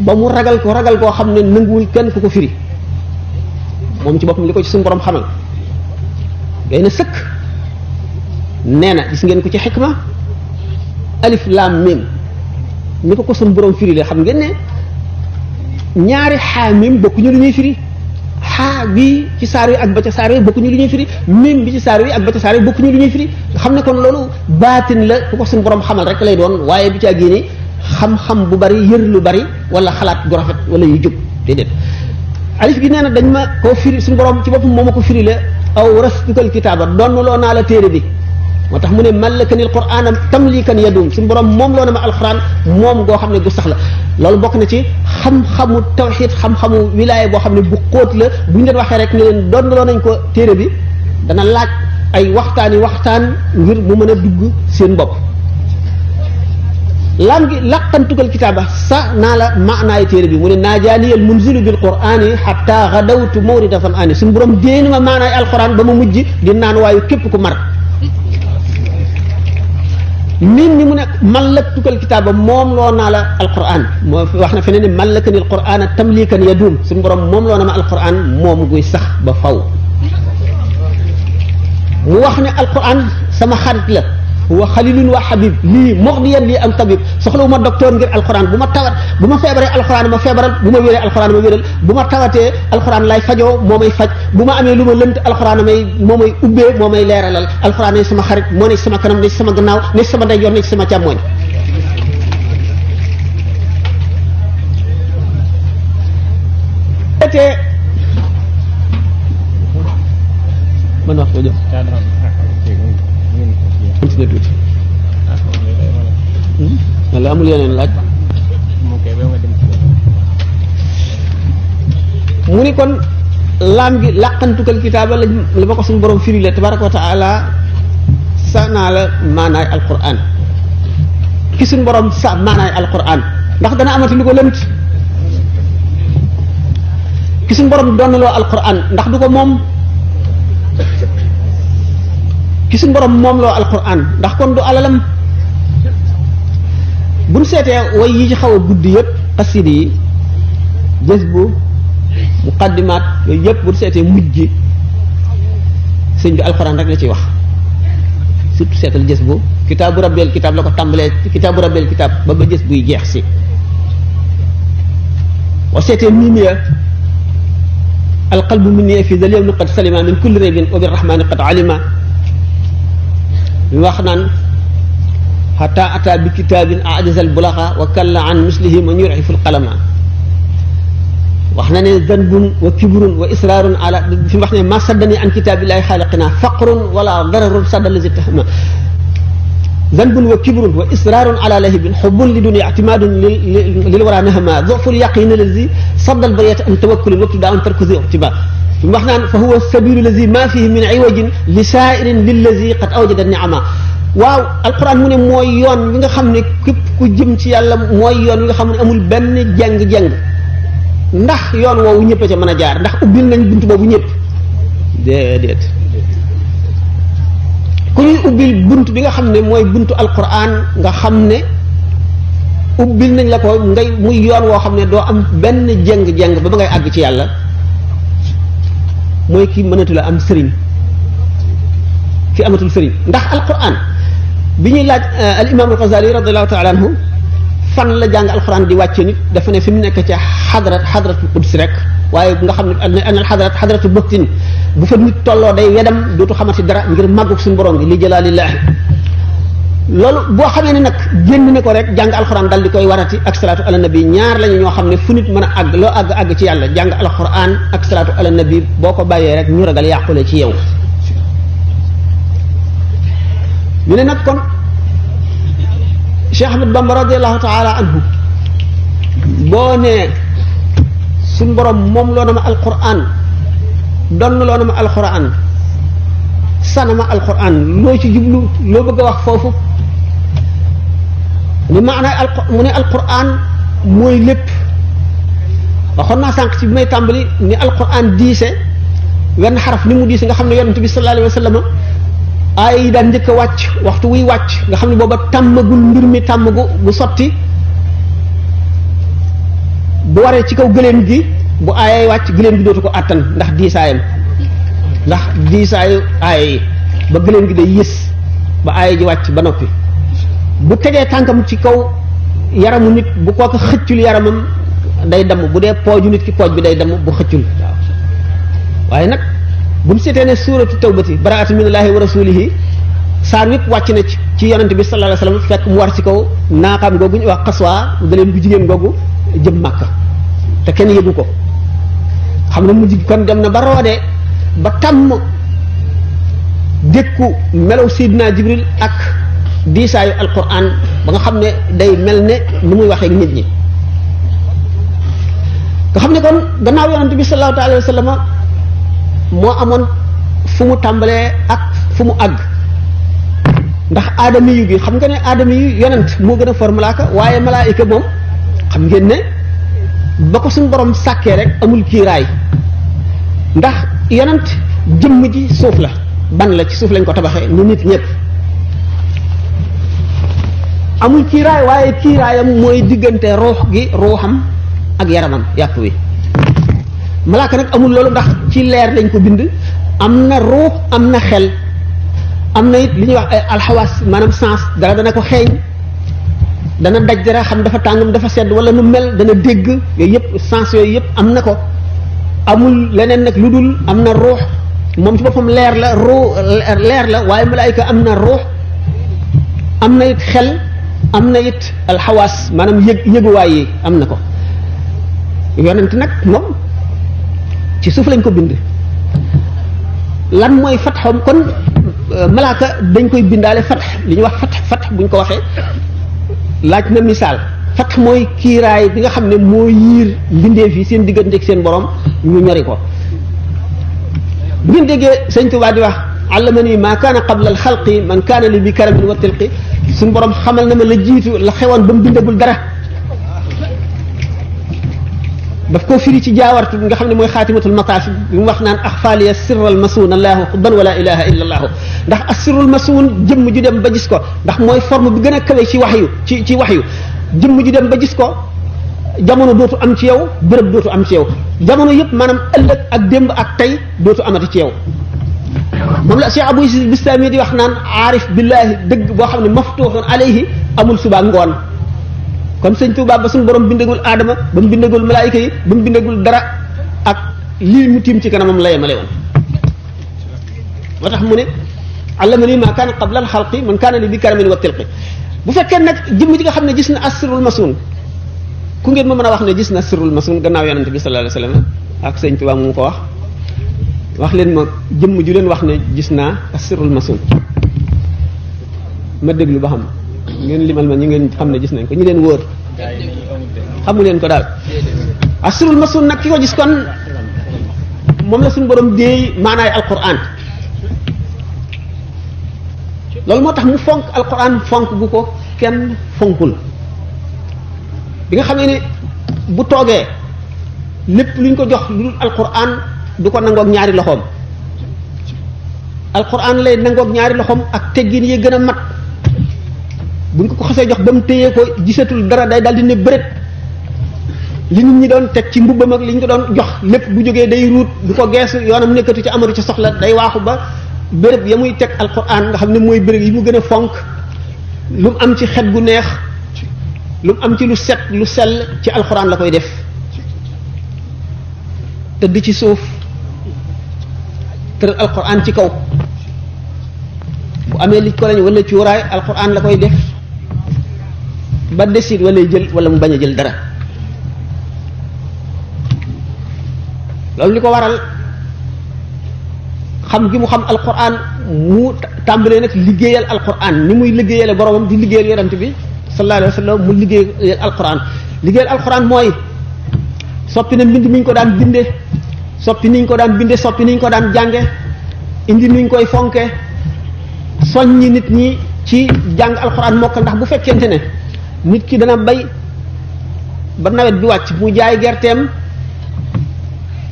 ba mu ragal ko ragal koo xam ne nanguwul kenn ku ko firi moom ci boppam li ko ci suñu borom xamal doy na sëkk nee na gis ngeen ko ci xikma alif laam mim ni ko ko sun borom firi la xam ngeen ne ñaari xaa mim bokkuñu lu ñuy firi xaa bi ci saar yi ak ba ca saar yi bokkuñu lu ñuy firi mim bi ci saar yi ak ba ca saar yi bokkuñu lu ñuy firi xam ne kon loolu baatin la ku ko sun boroom xamal rek lay doon waaye bi caa génne xam-xam bu bari yër lu bari wala xalaat gu rafet wala yu jub déedéet alif gi nee dañ ma koo firi suñu borom ci boppam moo ma ko aw rastukal kitaaba donnuloo naa la téere bi moo tax mu ne mallakani alquran tamlikan yadum suñu borom moom loo na ma alquran moom goo xam ne gu sax la loolu bokk na ci xam-xamu tawxid xam-xamu wilaaya boo xam ne bu xóot la bu ñu leen waxee rek ne leen donnuloo nañ ko téere bi dana laaj ay waxtaani waxtaan ngir mu mën a dugg seen bopp lam gi laqantugal kitaaba sa naa la maanaay téere bi mu ne naajaaniyal munzilu bil qurani xatta xadawtu mawrida fan ani suñu borom déeni ma maanaay alquran ba ma mujj di naan waayu képp ko mar min ni mu ne mallaktukal kitaaba moom loo naa la alquran moo wax na feneen ne mallakanil qurana tamlikan ya duum suñu borom moom loo na ma alquran moom guy sax ba faw mu wax ne alquran sama xarit la wa xalilun wa habib lii muxdiyan lii am tabib soxlawu ma docteur ngir alxuraan bu ma tawat bu ma feebaree alxuraan ma feebaral bu ma wéree alxuraan ma wéral bu ma tawatee alxuraan lay fajoo moo may faj bu ma amee lu ma lënt alxuraan may moo may ubbee moo may leeralal alxuraan ne sama xarit moo ne sama kanam ne sama gannaaw ne sama ndeyjoor ne sama càmmooñ amul yeneen laaj mu ni kon laam gi làqantukal kitaaba la ma ko suñu borom firi la tabaraka wa taala sa naa la maanaay alquran ki suñu borom sa maanaay alquran ndax dana amati lu ko lënt ki suñu borom donnaloo alquran ndax du ko moom ki suñu borom moom loo alquran ndax kon du alalam buñ seetee way yi ci xaw a guddi yëpp xasida yi jës bu muqaddimaat yooyu yëpp buñ seetee mujj gi sëñ bi alxuraan rek la ciy wax surtout seetal jës bu kitaabu rabbeel kitaab la ko tàmbalee kitaabu rabbeel kitaab ba ba jës buy jeex si wa seetee miimiya alqalbu minni fi dal yawmi qad salima min kulli raybin wa birrahmani qad alima wax naan xata ata bi kitaabin ajasal bulaxa wa kalla an mislihi man yuriful qalama wax na ne zanbun wa kibrun wa israarun ala fi wax ne ma saddani an kitaabillahi xaaliqina faqrun wala dararun saddalazi taxna zanbun wa kibrun wa israarun ala lahibin xubbun li dun ictimaadun lil wara nahama doful yaqin allazi saddal bariyata an tawakkulin wabtu daawan tarkusi optima fi mu wax naan fa huwa sabilu allazi ma fihi min iwajin li saairin lillazi qad awjada niama waaw alxuraan mu ne mooy yoon wi nga xam ne képp ku jëm ci yàlla mooy yoon wi nga xam ne amul benn jàng jeng ndax yoon woowu ñëpp a ca mën a jaar ndax ubbil nañ bunt boobu ñëpp déedéet bunt bi nga xam ne mooy buntu alxuraan nga xam ne ubbil nañ la ko ngay muy yoon woo xam ne doo am benn jeng-jeng ba ba ngay àgg ci yàlla mooy ki mënatu la am sëriñ ki amatul sëriñ ndax alquran bi ñuy laaj euh, al imam al Ghazali radiyallahu ta'ala anhu fan la jàng alxuraan di wàcce nit dafa ne fi mu nekk ca xadrat xadratul quds rek waaye nga xam ne ana xadrat xadratu bëktin bu fa nit tolloo day wedam dootu xamati dara ngir màggug suñu borom gi li jëlaalillaahi loolu boo xamee ne nag génn ne ko rek jàng alxuraan dal di koy warati ak salaatu ala nabi ñaar lañu ñoo xam ne fu nit mën a àgg loo àgg àgg ci yàlla jàng alxuraan ak salaatu alan nabi boo ko bàyyee rek ñu ragal yàqule ci yow ñu ne nag kon Cheikh Ahmed Bamba radiallahu taala anhu boo nee suñ borom moom loo na ma alquran donn loo na ma alquran sana ma alquran loo ci jublu loo bëgg a wax foofu li maanaam al mu ne alquran mooy lépp waxoon naa sànq ci bi may tàmbali ni alquran diise wenn xaraf ni mu diise nga xam ne yonent bi sallallahu alayhi wa sallam aaya yi daan njëkk wàcc waxtu wuy wàcc nga xam ne booba tàmmagul mbir mi tàmm gu gu sotti bu waree ci kaw gëléem gi bu aayay wàcc gëléem gi dootu ko àttan ndax diisaayam ndax diisaayu aaya yi ba gëléem gi day yës ba aaya ji wàcc ba noppi bu tegee tànkam ci kaw yaramu nit bu kooku xëccul yaramam day damm bu dee pooju nit ki pooj bi day damm bu xëccul waaye nag bu mu seetee ne suuratu tawbati baraatu minallaahi wa rasulihi saar yëpp wàcc na ci ci yonent bi sallallahu alayhi wasallam fekk mu war ci kaw naaxaam googu ñu wax xaswaa gëléem bu jigéen googu jëm Màkka te kenn yëgu ko xam na mujj kon dem na ba roodee ba tàmm dékku melaw Seydina Jibril ak diisaayu alquran ba nga xam ne day mel ne nu muy waxee nit ñi nga xam ne kon gannaaw yonent bi sallallahu alayhi wasallam moo amoon fu mu tàmbalee ak fu mu àgg ndax aadama yu gi xam nga ne aadama yu yonent moo gën a for waaye malaayika moom xam ngeen ne ba ko suñ borom sàkkee rek amul kiiraay ndax yonent jëmm ji suuf la ban la ci suuf lañ ko tabaxee nu nit ñëpp amul kiiraay waaye kiiraayam mooy diggante ruux gi ruuxam ak yaramam yàpp wi malaaka nag amul loolu ndax ci leer lañ ko bind am na ruux am na xel am na it li ñuy wax ay alxawaas maanaam sens dara dana ko xeeñ dana daj dara xam dafa tàngam dafa sedd wala nu mel dana dégg yooyu yëpp sens yooyu yëpp am na ko amul leneen nag lu dul am na ruux moom ci boppam leer la ruux leer la waaye malaayika am na ruux am na it xel am na it alxawaas maanaam yëg yëguwaay yi am na ko yonent nag moom ci suuf lañ ko bind lan mooy fatxam kon euh, malaaka dañ koy bindaale fatx li ñuy wax fatx fatx bu ñu ko waxee laaj na misaal fatx mooy kiiraay bi nga xam ne moo yiir mbindeef yi seen diggante ak seen borom ñu ñori ko buñ déggee sëñ Tuubaa di wax allamani maa kaana qabla al xalqi man kaana li bi karamin wa tilqi suñu borom xamal na ma la jiitu la xewoon ba mu bindagul dara daf koo firi ci jaawartu nga xam ne mooy xaatimatul mataaf bi mu wax naan axfaaliya sirral masuun allahu xubban wala ilaha illa allahu ndax asirul masuun jëmm ju dem ba gis ko ndax mooy forme bi gën a kawe ci wax yu ci ci wax yu jëmm ju dem ba gis ko jamono dootu am ci yow béréb dootu am ci yow jamono yëpp maanaam ëllëg ak démb ak tey dootu amati ci yow moom la Cheikh Abou Yusuf Bistami di wax naan aarif billahi dëgg boo xam ne maftuuxun alayhi amul suba ngoon kon sëñ Tuubaa ba suñu borom bindagul aadama ba mu bindagul malaayika yi ba mu bindagul dara ak lii mu tiim ci kanamam la yemale woon tax mu ne allama nii maa kaana qabla al xalqi man kaana li bi karamin wa tilqi bu fekkee nag jëmm ji nga xam ne gis na asrul masun ku ngeen ma mën a wax ne gis na asrul masun gannaaw yonante bi sallallahu alayhi wasallam ak sëñ Tuubaa mu ko wax wax leen ma jëmm ju leen wax ne gis naa asrul masun ma déglu ba xam ngeen limal ma ñi ngeen xam ne gis nañ ko ñi leen wóor xamu ko daal asrul masun nag ki ko gis kon moom la suñu borom déey maanaay alquran loolu moo tax mu fonk alquran fonk bu ko kenn fonkul bi nga xam ne ni bu toogee lépp lu ñu ko jox lu dul alquran du ko nangoog ñaari loxoom al alquran lay nangoog ñaari loxoom ak teggin yi gën a mat buñ ko ko xasee jox ba mu téyee ko gisatul dara day daal di ne bëreet li nit ñi doon teg ci mbubbam ak li ñu ko doon jox lépp bu jógee day ruut du ko gees yoonam nekkatu ci amatu ci soxla day waaxu ba béréb ya muy teg alquran nga xam ne mooy béréb yi mu gën a fonk lu mu am ci xet gu neex lu mu am ci lu set lu sel ci alxuraan la koy def tëdd ci suuf tëral ci kaw bu amee li ko lañ wala cuuraay alquran la koy def ba décide wala jël wala mu bañ a jël dara loolu li ko waral xam gi mu xam alquran mu tàmbalee nag liggéeyal alquran ni muy liggéeyale boromam di liggéeyal yonent bi sallallahu alayhi wa sallam mu liggéeyal alquran liggéeyal alquran mooy soppi na mbind mi ñu ko daan binde soppi niñ ko daan binde soppi niñ ko daan jànge indi niñ koy fonke soññi nit ñi ci jàng alquran mokkal ndax bu fekkente ne nit ki dana bay ba nawet bi wàcc mu jaay gerteem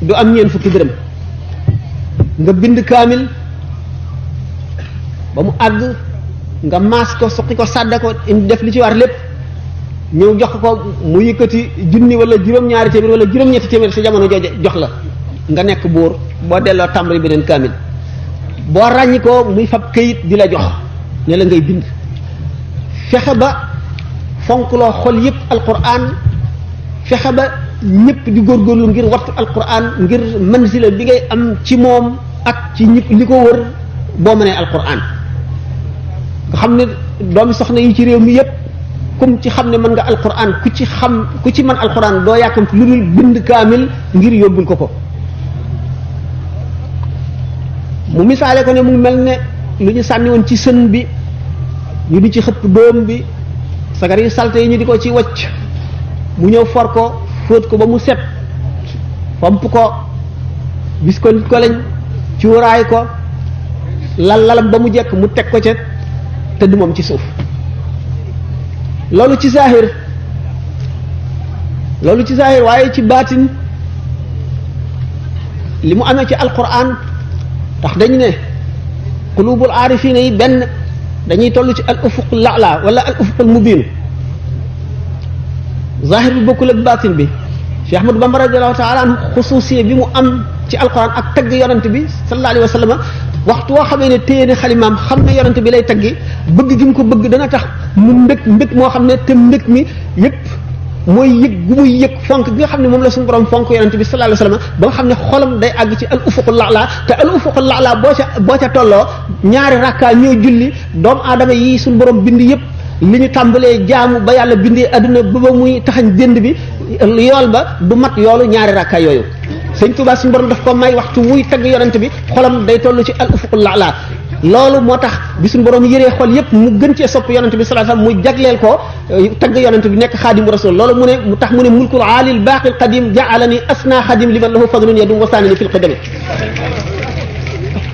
du am ñeent fukki dërëm nga bind kaamil ba mu àgg nga maas ko suqi ko sàdda ko indi def li ci war lépp ñëw jox ko mu yëkkati junni wala juróom-ñaari téeméer wala juróom-ñetti téeméer sa jamono jooje jox la nga nekk buur boo delloo tàmbali beneen kaamil boo ràññi ko muy fab këyit di la jox ne ngay bind fexe ba fonkloo xol yëpp alquran fexe ba ñëpp di góor góorlu ngir wattu alquran ngir mansila bi ngay am ci moom ak ci ñëpp li ko wër boo mënee alquran nga xam ne doomi soxna yi ci réew mi yëpp comme ci xam ne mën nga alquran ku ci xam ku ci mën alquran doo yàkkamti lu dul bind kaamil ngir yóbbul ko ko mu misaale ko ne mu mel ne lu ñu sànni woon ci sën bi ñu di ci xëpp doom bi sagar yi salte yi ñu di ko ci wacc mu ñëw for ko fóot ko ba mu set fomp ko bis ko nit ko lañ cuuraay ko lal lalam ba mu jekk mu teg ko ca tëdd moom ci suuf loolu ci zahir loolu ci zahir waaye ci baatin li mu amee ci alquran tax dañ ne qulubul aarifina yi benn dañuy toll ci al ufuqul la'la wala al ufuqul mubin zahir bi bokkul ak batin bi Cheikh Ahmadou Bamba radiyallahu ta'ala anhu xusuusiye bi mu am ci alquran ak tagg yonent bi sallallahu alayhi wa sallam waxtu woo xamee ne téye ne xalimaam xam ne yonent bi lay taggi bëgg gi mu ko bëgg dana tax mu mbëg mbëg moo xam ne te mbëg mi yépp mooy yëg gu muy yëg fonk gi nga xam ne moom la suñu borom fonk yonente bi sallallahu alayhi wasallam ba xam ne xolam day àgg ci al ufuqul la'la te al ufuqul la'la boo ca boo ca tolloo ñaari rakkaa ñoo julli doomu aadama yi suñu borom bind yëpp li ñu tàmbalee jaamu ba yàlla bindee adduna ba ba muy taxañ jënd bi yool ba du mat yoolu ñaari rakkaa yooyu sëñ Tuubaa suñu borom daf ko may waxtu muy tagg yonente bi xolam day tollu ci al ufuqul la'la loolu moo tax bi suñu borom yëree xol yépp mu gën cee sopp yonent bi sa sallallahu alayhi wasallam mu jagleel ko euh, tagg yonent bi nekk xaadimu rasul loolu mu ne mu tax mu ne mulkul aalil baaqil qadim ja'alani asna xadim liman lahu fadlun yadum wasaani li fil qadami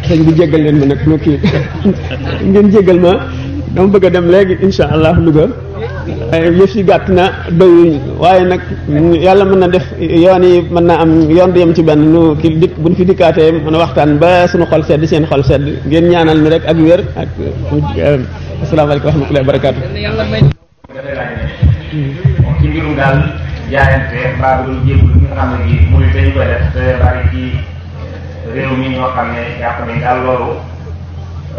sëñ bu jéggal leen ma nekk ma ngeen jéggal ma dama bëgg a dem léegi insha allah Louga yëf yi gàtt na doyuñu waaye nag yàlla mën na def yoon yi mën na am yoon du yem ci benn nu ki dikk bu ñu fi dikkaatee mën a waxtaan ba suñu xol sedd seen xol sedd ngeen ñaanal mi rek ak wér ak euh, asalaamaaleykum wa rahmatullahi wa barakaatu. ci mbirum daal jaayante mbaa du jéem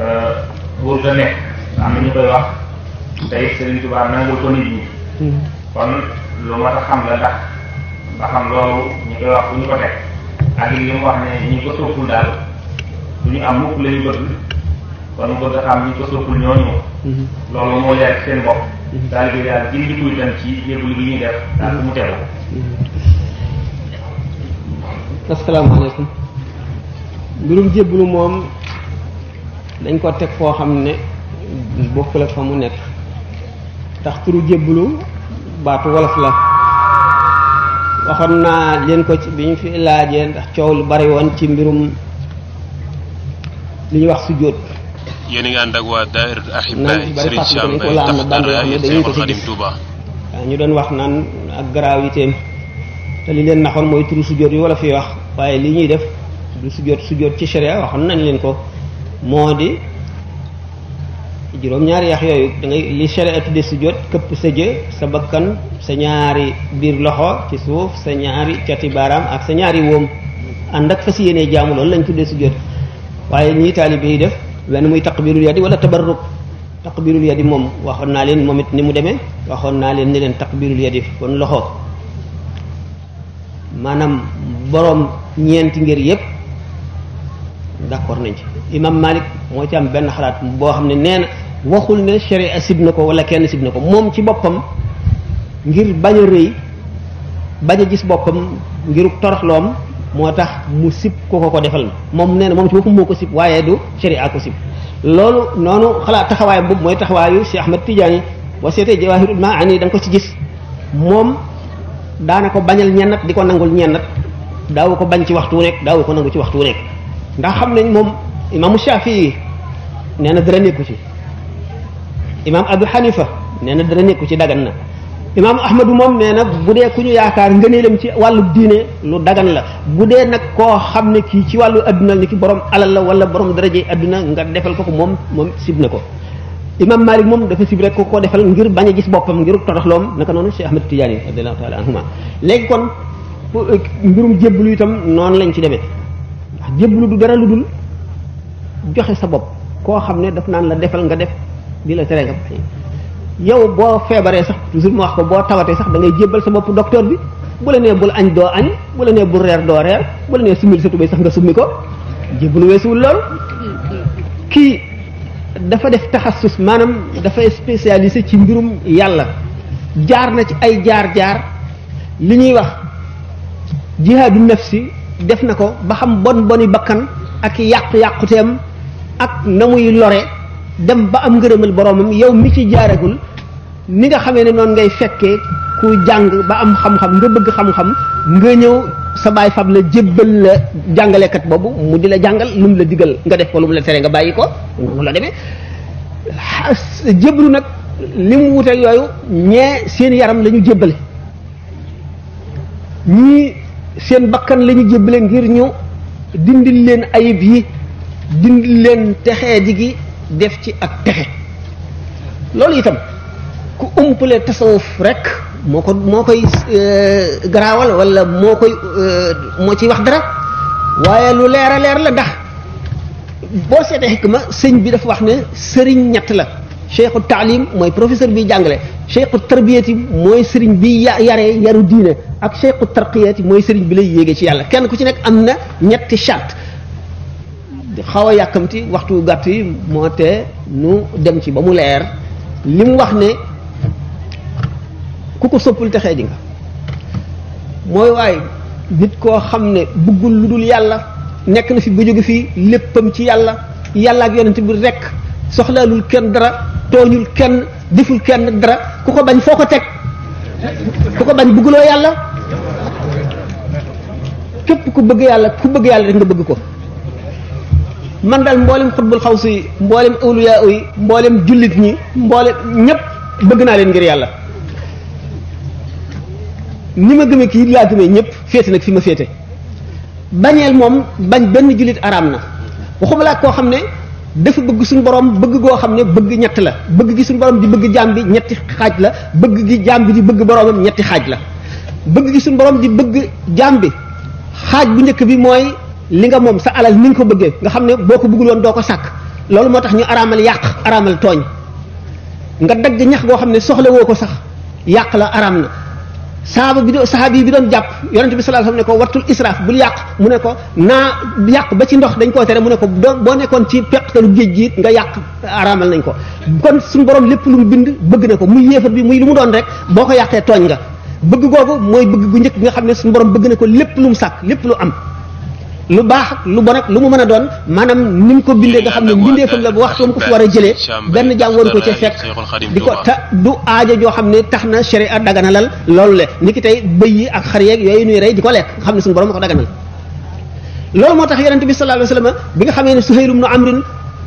euh, nekk tey Serigne Touba nangul ko nit ñi. Hmm. kon lu mat a xam la ndax ba xam loolu ñu koy wax bu ñu ko teg ak li mu wax ne ñi ko soppul daal du ñu am mukk la ñu bëgg kon mu bëgg a xam ñi ko soppul ñooñu. Hmm. loolu moo leer seen bopp. Hmm. daal bi daal gindi kuy dem ci yëgul bi ñuy def daal mu tegu. asalaamaaleykum mbirum jébbalu moom dañ ko teg foo xam ne bokkul ak fa mu nekk. tax turu jébbalu baatu wolof la waxoon naa leen ko ci bi ñu fi laajee ndax coow lu bari woon ci mbirum li ñuy wax sujjóot yéen a ngi ànd ak waa daayira Ahibahi Serigne Sam Mbaye tax dara yéen Seexul Xadim Touba ñu doon wax naan ak gravité te li leen naxoon mooy turu sujjóot yi wala fi wax waaye li ñuy def du sujjóot sujjóot ci sharia waxoon nañ leen ko moo di juróom-ñaari yax yooyu da ngay li sharia tudde sujjóot këpp sa jë sa bakkan sa ñaari biir loxo ci suuf sa ñaari cati ak sa ñaari wóom ànd ak fas yéenee jaamu loolu lañ tuddee sujjóot waaye ñii taalibe yi def wenn muy taqbirul yadi wala tabarruk taqbirul yadi moom waxoon naa leen moom it ni mu demee waxoon naa leen ni leen takk taqbirul yadi kon loxo maanaam boroom ñeenti ngir yépp d'accord nañ ci imam Malik moo ci benn xalaat boo xam ne nee waxul ne sharia sib na ko wala kenn sib na ko moom ci boppam ngir bañ a rëy bañ a gis boppam ngiruk toroxloom moo tax mu sib ko ko ko defal moom nee na moom ci boppam moo ko sib waaye du sharia ko sib loolu noonu xalaat taxawaayam boobu mooy taxawaayu Cheikh Ahmad Tidiane boo seetee Jawahirul Maani da nga ko ci gis moom daana ko bañal ñennat di ko nangul ñennat daawu ko bañ ci waxtu wu nekk daawu ko nangu ci waxtu wu nekk ndax xam nañ moom imaamu Shafii nee na dara nekku ci imaam Abu Hanifa nee na dana nekku ci dagan na imaam Ahmadu moom nee na bu dee ku ñu yaakaar nga nee ngëneelam ci wàllu diine lu dagan la bu dee nag koo xam ne kii ci wàllu àdduna ni ki borom alal la wala borom daraje adduna nga defal ko ko moom moom sib na ko. imaam Malik moom dafa sib rek ko koo defal ngir bañ a gis boppam ngir toroxloom naka noonu Cheikh Ahmad Tidiane radiyallahu taala anhuma léegi kon mbirum jébbalu itam noonu lañ ci demee ndax jébbalu du dara lu dul joxe sa bopp koo xam ne daf naan la defal nga def. di la tere nga bàyyi yow boo feebaree sax toujours ma wax ko boo tawatee sax da ngay jébbal sa bopp docteur bi bu la nee bul añ doo añ bu la nee bul reer doo reer bu la nee summil sa tubéy sax nga summi ko jébbalu weesuwul loolu kii dafa def taxassus maanaam dafay spécialisé ci mbirum yàlla jaar na ci ay jaar-jaar li ñuy wax jihaadu nafsi def na ko ba xam bon boni bakkan ak yàqu-yàquteem ak na muy lore dem ba am ngërëmal boromam yow mi ci jaaragul ni nga xamee ne noonu ngay fekkee ku jàng ba am xam-xam nga bëgg xam-xam nga ñëw sa baay fab la jébbal la jàngalekat boobu mu di la jàngal lu mu la digal nga def ko lu mu la tere nga bàyyi ko mu la demee nag li mu wuteeg yooyu ñee seen yaram lañu ñu jébbale ñii seen bakkan lañu ñu ngir ñu dindil leen ayib yi dindil leen texee di gi def ci ak texe loolu itam ku umpale tasawuf rek moo ko moo koy euh, garaawal wala moo koy euh, moo ciy wax dara waaye lu leer a leer la ndax boo seetee ma sëñ bi dafa wax ne sëriñ ñett la cheikhu taalim mooy professeur bi jàngale cheikhu tarbiyati mooy sëriñ bi ya yaree yaru diine ak cheikhu tarqiyati mooy sëriñ bi lay yéegee ci yàlla kenn ku ci nekk am na ñetti charte xaw a yàkkamti waxtu gàtt yi moo tee nu dem ci ba mu leer li wax ne ku ko soppul texee di nga mooy waaye nit koo xam ne bëggul lu dul yàlla nekk na fi ba jóge fii léppam ci yàlla yàlla ak yonent bi rekk soxlaalul kenn dara tooñul kenn deful kenn dara ku ko bañ foo ko teg ku ko bañ bëgguloo yàlla képp ku bëgg yàlla ku bëgg yàlla rek nga bëgg ko man daal mboolem xutbul xaw si mboolem awliya yi mboolem jullit ñi mboolem ñëpp bëgg naa leen ngir yàlla ni ma gëmee kii laa gëmee ñëpp féete nag fi ma féete bañeel moom bañ benn jullit araam na waxuma koo xam ne dafa bëgg suñu borom bëgg goo xam ne bëgg ñett la bëgg gi suñu borom di bëgg jaam bi ñetti xaaj la bëgg gi jaam bi bëgg boromam ñetti xaaj la bëgg gi suñu borom di bëgg jaam bi xaaj bu njëkk bi mooy li nga moom sa alal ni ñu ko bëggee nga xam ne boo ko bëggul woon doo ko sàkk loolu moo tax ñu araamal yàq araamal tooñ nga dagg ñax goo xam ne soxla woo ko sax yàq la araam na saaba bi sahaaba yi bi doon jàpp yonente bi sallallahu alayhi wasallam ne ko wattul israaf bul yàq mu ne ko naa yàq ba ci ndox dañ koo tere mu ne ko boo nekkoon ci peqtalu géej gi nga yàq araamal nañ ko kon suñu borom lépp lu mu bind bëgg na ko muy yéefar bi muy lu mu doon rek boo ko yàqee tooñ nga bëgg googu mooy bëgg gu njëkk nga xam ne suñu borom bëgg na ko lépp lu mu sàkk lépp lu am lu baax ak lu bon ak lu mu mën a doon maanaam ni mu ko bindee nga xam ne mbindeefam la bu waxtu mu ko fi war a jëlee benn jàmm waru ko ca fekk di ko te du aajo joo xam ne tax na a sharia daganalal loolu le ni ki tey bëy yi ak xar yeeg yooyu nuy rey di ko lekk nga xam ne suñu borom a ko daganal loolu moo tax yonente bi sallallahu alayhi wa bi nga xamee ne Suhayl ibn Amr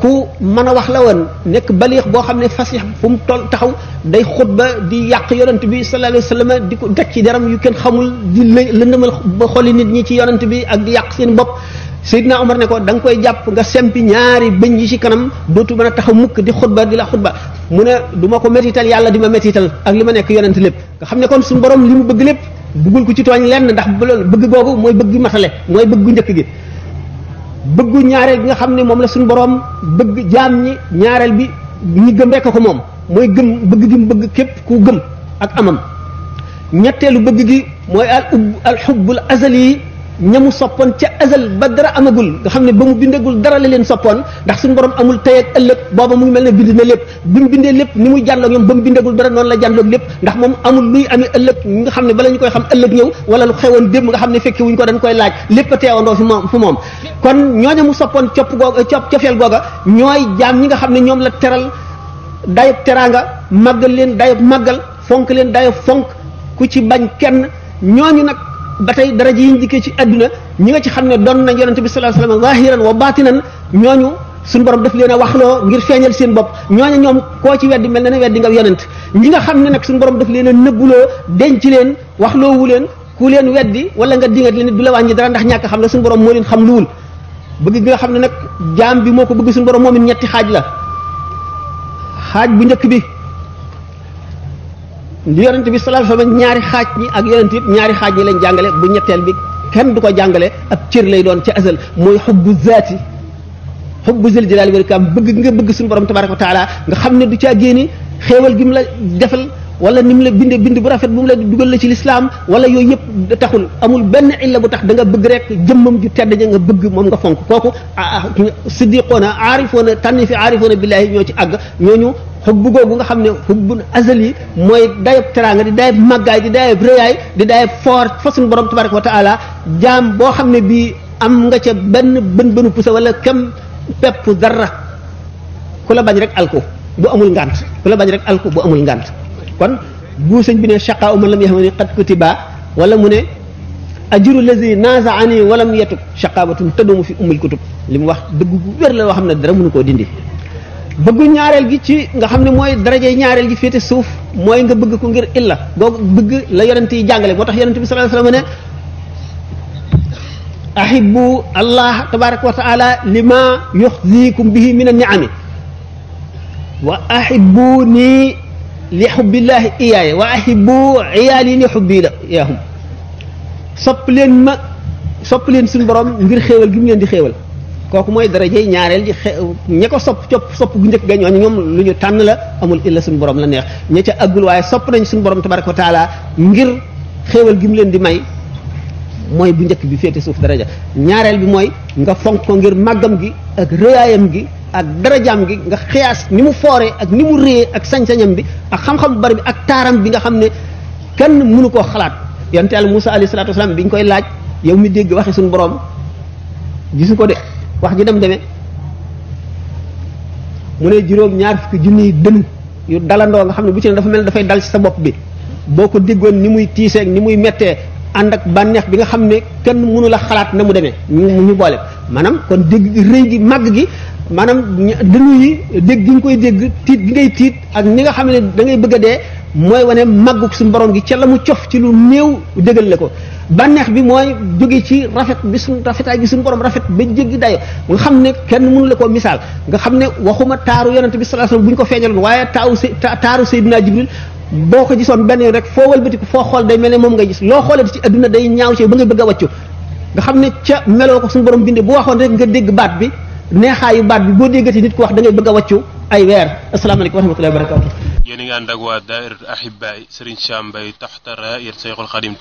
ku mën a wax la woon nekk balix boo xam ne fasix fu mu toll taxaw day xutba di yàq yonent bi sallallahu alayhi wasallam di ko teg ci deram yu kenn xamul di lëndëmal ba xoli nit ñi ci yonent bi ak yàq seen bopp Seydina Omar ne ko da nga jàpp nga sempi ñaari bëñ yi ci kanam dootu mën a taxaw mukk di xutba di la xutba mu ne du ma ko métital yàlla di ma métital ak li ma nekk yonent lépp nga xam ne kon suñu borom li mu bëgg lépp bëggul ko ci tooñ lenn ndax bu loolu bëgg googu mooy bëgg matale mooy bëgg njëkk gi bëggu ñaareel bi nga xam ne moom la suñu borom bëgg jaam ñi ñaareel bi ñi gëm rekk ko moom mooy gëm bëgg gi mu bëgg képp ku gëm ak amam ñetteelu bëgg gi mooy al ubb al xubbul azali ñamu soppoon ca azal ba dara amagul nga xam ne ba mu bindagul dara la leen soppoon ndax suñu borom amul tey ak ëllëg booba mu ngi mel ne bind na lépp bi mu bindee lépp ni muy jànloog ñoom ba mu bindagul dara noonu la jànloog lépp ndax moom amul luy ami ëllëg nga xam ne bala ñu koy xam ëllëg ñëw wala lu xewoon démb nga xam ne fekke wuñ ko dañ koy laaj lépp a teewandoo fi moom fi moom kon ñooña mu soppoon copp googa copp cofeel googa ñooy jaam ñi nga xam ne ñoom la teral dayub teraanga màggal leen dayub màggal fonk leen dayub fonk ku ci bañ kenn ñooñu nag ba tey daraja yi ñu ci adduna ñi nga ci xam ne doon na yonente bi sallallahu alayhi wasallam zahiran wa batinan ñooñu suñu borom daf leen a waxloo ngir feeñal seen bopp ñooñu ñoom koo ci weddi mel na ne weddi nga yonent ñi nga xam ne nag suñ borom daf leen a nëbbuloo denc leen waxloowu leen ku leen weddi wala nga dingat leen du la wàññi dara ndax ñàkk xam la suñu borom moo leen xam luwul bëgg gi nga xam ne nag jaam bi moo ko bëgg suñu borom moom it ñetti xaaj la xaaj bu njëkk bi li yonent bi sallallahu alayhi wasallam ñaari xaaj ñi ak yonent yëpp ñaari xaaj yi lañ jàngale bu ñetteel bi kenn du ko jàngale ab cër lay doon ci asal mooy xubbu zaati xubbu zil jalaali wal ikram bëgg nga bëgg suñu borom tabaraka wa taala nga xam ne du caa génni xéewal gi mu la defal wala ni mu la bindee bind bu rafet bu mu la dugal la ci lislaam wala yooyu yëpp taxul amul benn illa bu tax da nga bëgg rek jëmmam ju tedd ja nga bëgg moom nga fonk kooku ah, ah, siddiqoona aarifoona tànn fi aarifoona billaahi ñoo ci àgg ñooñu xubbu googu nga xam ne bu azali mooy dayab teraanga di dayab màggaay di dayab rëyaay di dayab foor fa suñu borom tabaraka wa taala jaam boo xam ne bii am nga ca benn bën bënu pusa wala kam pepp dara ku la bañ rek alku bu amul ngant ku bañ rek alku bu amul ngant kon bu sëñ bi ne chaqa uman lam yaxama ni qad kutiba wala mu ne ajuru lazi naasa ani walam yetub chaqaabatun tëddumu fi umul kutub li mu wax dëgg gu wér la loo xam ne dara mënu koo dindi bëggu ñaareel gi ci nga xam ne mooy daraje ñaareel gi féete suuf mooy nga bëgg ko ngir illa googu bëgg la yonent yi jàngale moo tax yonent bi sallallahu alayhi wasallam ne ahibbu allah tabaraka wa taala lima yuxzikum bihi min an wa ahibbuni li xubbillahi la yaahum sopp leen ma sopp leen suñu borom ngir xéewal gi leen di xéewal kooku mooy darajey ñaareel ji ña ko sopp copp sopp gu njëkk ga ñooñu ñoom lu ñu tànn la amul illa suñu borom la neex ña ca aggul waaye sopp nañ suñu borom tabaraka wa taala ngir xéewal gi mu leen di may mooy bu njëkk bi féete suuf daraja ñaareel bi mooy nga fonk ko ngir màggam gi ak rëyaayam gi ak darajaam gi nga xiyaas ni mu fooree ak ni mu réyee ak sañ-sañam bi ak xam-xam bari bi ak taaram bi nga xam ne kenn mënu koo xalaat yonte yàlla Musa alayhi salaatu wasalaam koy laaj yow mi dégg waxe suñu borom ko de wax ji dem deme mu ne juróom ñaar fukki junniy dënn yu dalandoo nga xam ne bu ci ne dafa mel ne dafay dal ci sa bopp bi boo ko déggoon ni muy tiiseeg ni muy mettee ànd ak bànneex bi nga xam ne kenn mënu la xalaat na mu demee ñu boole maanaam kon dégg rëy gi màgg gi maanaam dënu yi dégg gi nga koy dégg tiit gi ngay tiit ak ni nga xam ne dangay ngay bëgg a dee mooy wane màggug suñu borom gi ca la mu cof ci lu néew dégal ko bànneex bi mooy jóge ci rafet bi suñ rafetaay gi suñu borom rafet ba jéggi day nga xam ne kenn mënu la koo misaal nga xam ne waxuma taaru yonente bi sa alayhi wasallam bu ñu ko feeñaloon waaye taaru taaru Seydina Jibril boo ko gisoon benn yoon rek foo walbatiku foo xool day mel ne moom ngay gis loo xoolee ci adduna day ñaaw ci ba nga bëgg a wàccu xam ne ca meloo ko suñu borom bindee bu waxoon rek nga dégg baat bi neexaayu baat bi boo déggati nit ku wax da ngay bëgg a wàccu ay weer asalaamaaleykum wa rahmatullahi wa barakatu yéen a ngi ànd ak waa daairat ahibbaay Serigne Sam Mbaye taxta raayat Seyxul Xadim